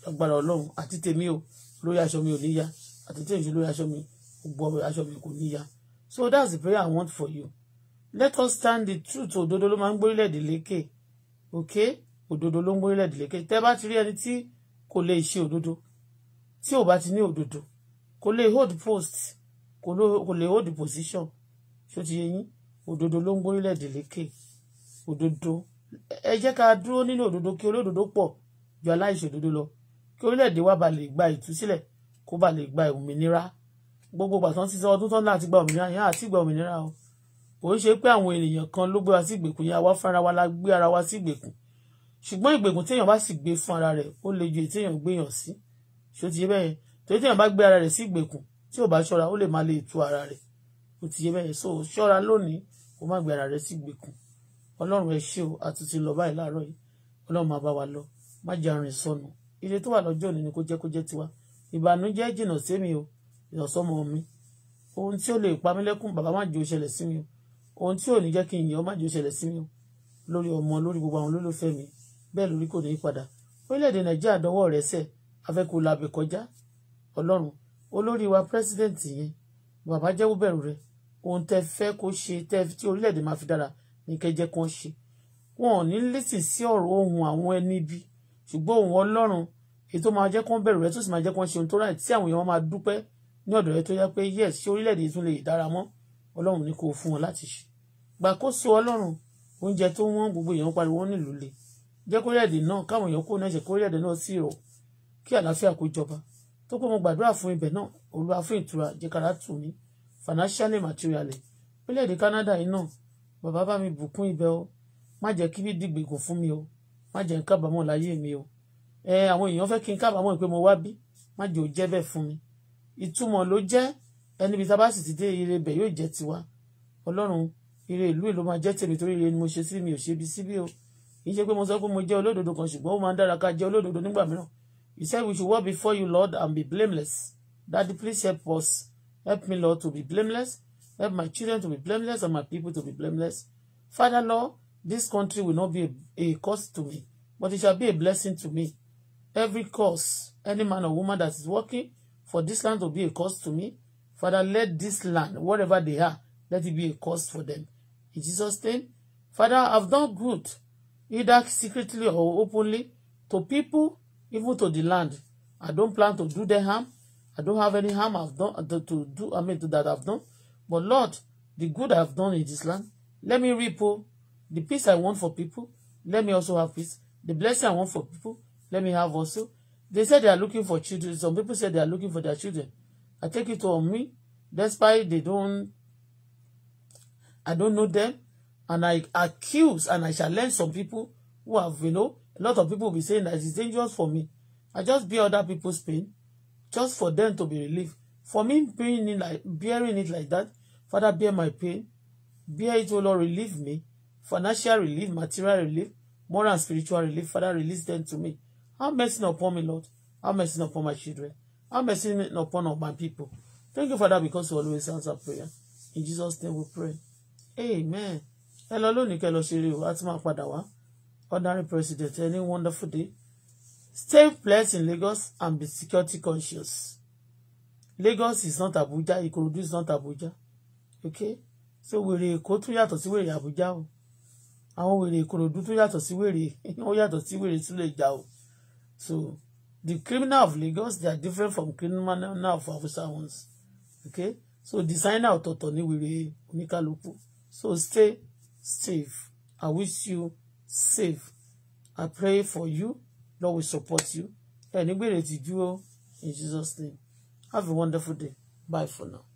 lágbára ọlọ́run àti tèmi o olórí aṣọ mi ò ní ya àti tí ṣe olórí aṣọ mi gbogbo aṣọ mi kò ní ya so that's the prayer I want for you let us stand the truth òdodo ló máa ń gbórílẹ̀ dì lékè okay òdodo ló ń gbórílẹ̀ dì lékè tẹ́ bá ti rí ẹni tí kò lè ṣe òdodo tí ò bá ti ní òdodo kò lè hold post kò lè hold position ṣó ti yé yín òdodo ló ń gbórílẹ̀ dèlékè òdodo ẹ jẹ́ ká dúró nínú òdodo kí olódodo pọ̀ ju aláìṣòdodo lọ kí orílẹ̀-èdè wa bá lè gba ìtúsílẹ̀ kó bá lè gba òmìnira gbogbo gbàtàn ti sọ ọdún tán láti gba òmìnira yẹn àti gba òmìnira o kò ń ṣe pé àwọn ènìyàn kan ló gbé wa sí ìgbèkùn yẹn àwa fúnra wa la gbé ara wa sí ìgbèkùn ṣùgbọ́n ìgbègùn téèyàn bá sì gbé fún ara rẹ̀ ó le ju téèyàn gbéyàn sí ṣó ti yé bẹ́yẹn torí téèyàn bá gbé ara rẹ̀ sí ìgbèkùn tí ò bá ṣọ́ra ó lè má lè tu ara rẹ̀ ó ti yé bẹ́yẹn so ṣọ́ra lónìí kó má gbé ara rẹ̀ sí ìgbèkùn ọlọ́run ẹ ṣé o àtúntì lọ báyìí láàárọ̀ yìí ọlọ́run máa bá wa lọ má jẹ́ arìn sọnù ilé tó wà lọ́jọ́ òní ni kó jẹ́ kó jẹ́ tiwa ìbànújẹ́ jìnnà sémi o ìyọ̀sọ́mọ mi ohun tí ó lè pa mí lẹ́kùn bàbá má jò ṣẹlẹ̀ sí mi o ohun tí ò ní jẹ́ kí n yàn má jò ṣẹlẹ̀ sí mi o lórí ọmọ lórí gbogbo àwọn olólùfẹ́ mi bẹ́ẹ̀ lórí kò ní í padà orílẹ̀-èdè nàìjíríà dọwọ́ rẹ̀ sẹ̀ afẹ́kù làbẹ̀ kọjá ọlọ́run olórí wa president yẹn bàbá jẹ́wọ́ bẹ̀rù rẹ̀ ohun tẹ́ fẹ́ kó ṣe tẹ́ tí orílẹ̀-èdè máa fi dára ní kẹjẹ́ kan ṣe wọn ò ní lẹ́sìn sí ọ̀rọ̀ ohun àwọn ẹni bí ṣùgbọ́n ohun ọlọ́run èyí tó máa jẹ́ kán bẹ̀rù rẹ̀ tó sì máa jẹ́ kán ṣe ohun tó ráì tí àwọn èèyàn máa dúpẹ́ ní ọ̀dọ̀ rẹ̀ tó yá pé yes ṣé orílẹ̀-èdè tún lè dára mọ́ ọlọ́run ní kó fún wọn láti ṣe gbàkóso ọlọ́run oúnjẹ tó wọ́n gbogbo èèyàn pariwo nílùú le jẹ́ kórílẹ̀-èdè náà káwọn èèyàn kó náà ṣe kórílẹ̀-èdè náà sí o kí àlàáfíà kó jọba tó pé mo gbàdúrà fún ibẹ̀ náà olúwa fún ìtura jẹ́kára tù mí financially materially orílẹ̀-èdè Canada yìí náà bàbá bá mi bùkún ibẹ̀ o má jẹ́ kí bí dìgbìkù fún mi o má jẹ́ ń kábàámọ̀ láyé mi o ẹ àwọn èèyàn fẹ́ kí n kábàámọ̀ pé mo wá bí má jẹ́ ò jẹ́ bẹ́ẹ̀ fún mi ìtumọ̀ ló jẹ́ ẹni bí sábà sì ti dé ire bẹ̀ yóò jẹ́ tiwa ọlọ́run ire ìlú ìlú máa jẹ́ tèmi torí ire ni mo ṣe sí mi ò ṣe bí síbí o kì pé mo sọ pé mo jẹ́ olódodo kan ṣùgbọ́n ó máa ń dára ká jẹ́ olódodo nígbà mìíràn you said we should walk before you lord and be blameless daddy please help us help me lord to be blameless help my children to be blameless and my people to be blameless father lord this country will not be a, a curse to me but it shall be a blessing to me every cause, any man or woman that is working for this land to be a curse to me father let this land wherever they are let it be a curse for them in jesus name father i've done good either secretly or openly, to people, even to the land. I don't plan to do them harm. I don't have any harm I've done uh, to do. I mean, to that I've done. But Lord, the good I've done in this land, let me reap oh, the peace I want for people. Let me also have peace. The blessing I want for people, let me have also. They said they are looking for children. Some people said they are looking for their children. I take it on me, despite they don't. I don't know them. And I accuse and I challenge some people who have, you know, a lot of people be saying that it's dangerous for me. I just bear other people's pain just for them to be relieved. For me bearing it like, bearing it like that, Father, bear my pain. Bear it, O Lord, relieve me. Financial relief, material relief, moral and spiritual relief. Father, release them to me. How mercy upon me, Lord. How mercy upon my children. How mercy upon all my people. Thank you, Father, because you always answer prayer. In Jesus' name we pray. Amen ẹ lọ lónìí kẹ lọ ṣeré o a ti máa padà wá ordinary president any wonderful day stay blessed in Lagos and be security conscious Lagos is not Abuja Ikorodu is not Abuja okay so wèrè Èkó tún yàtọ̀ sí wèrè Abuja o àwọn wèrè Ikorodu tún yàtọ̀ sí wèrè wọn yàtọ̀ sí wèrè tún lè jà o so the criminal of Lagos they are different from criminal of Abuja ones okay so designer ọ̀tọ̀ọ̀tọ̀ ní wèrè oníkálukú so stay safe. I wish you safe. I pray for you. Lord will support you. Anybody to do in Jesus' name. Have a wonderful day. Bye for now.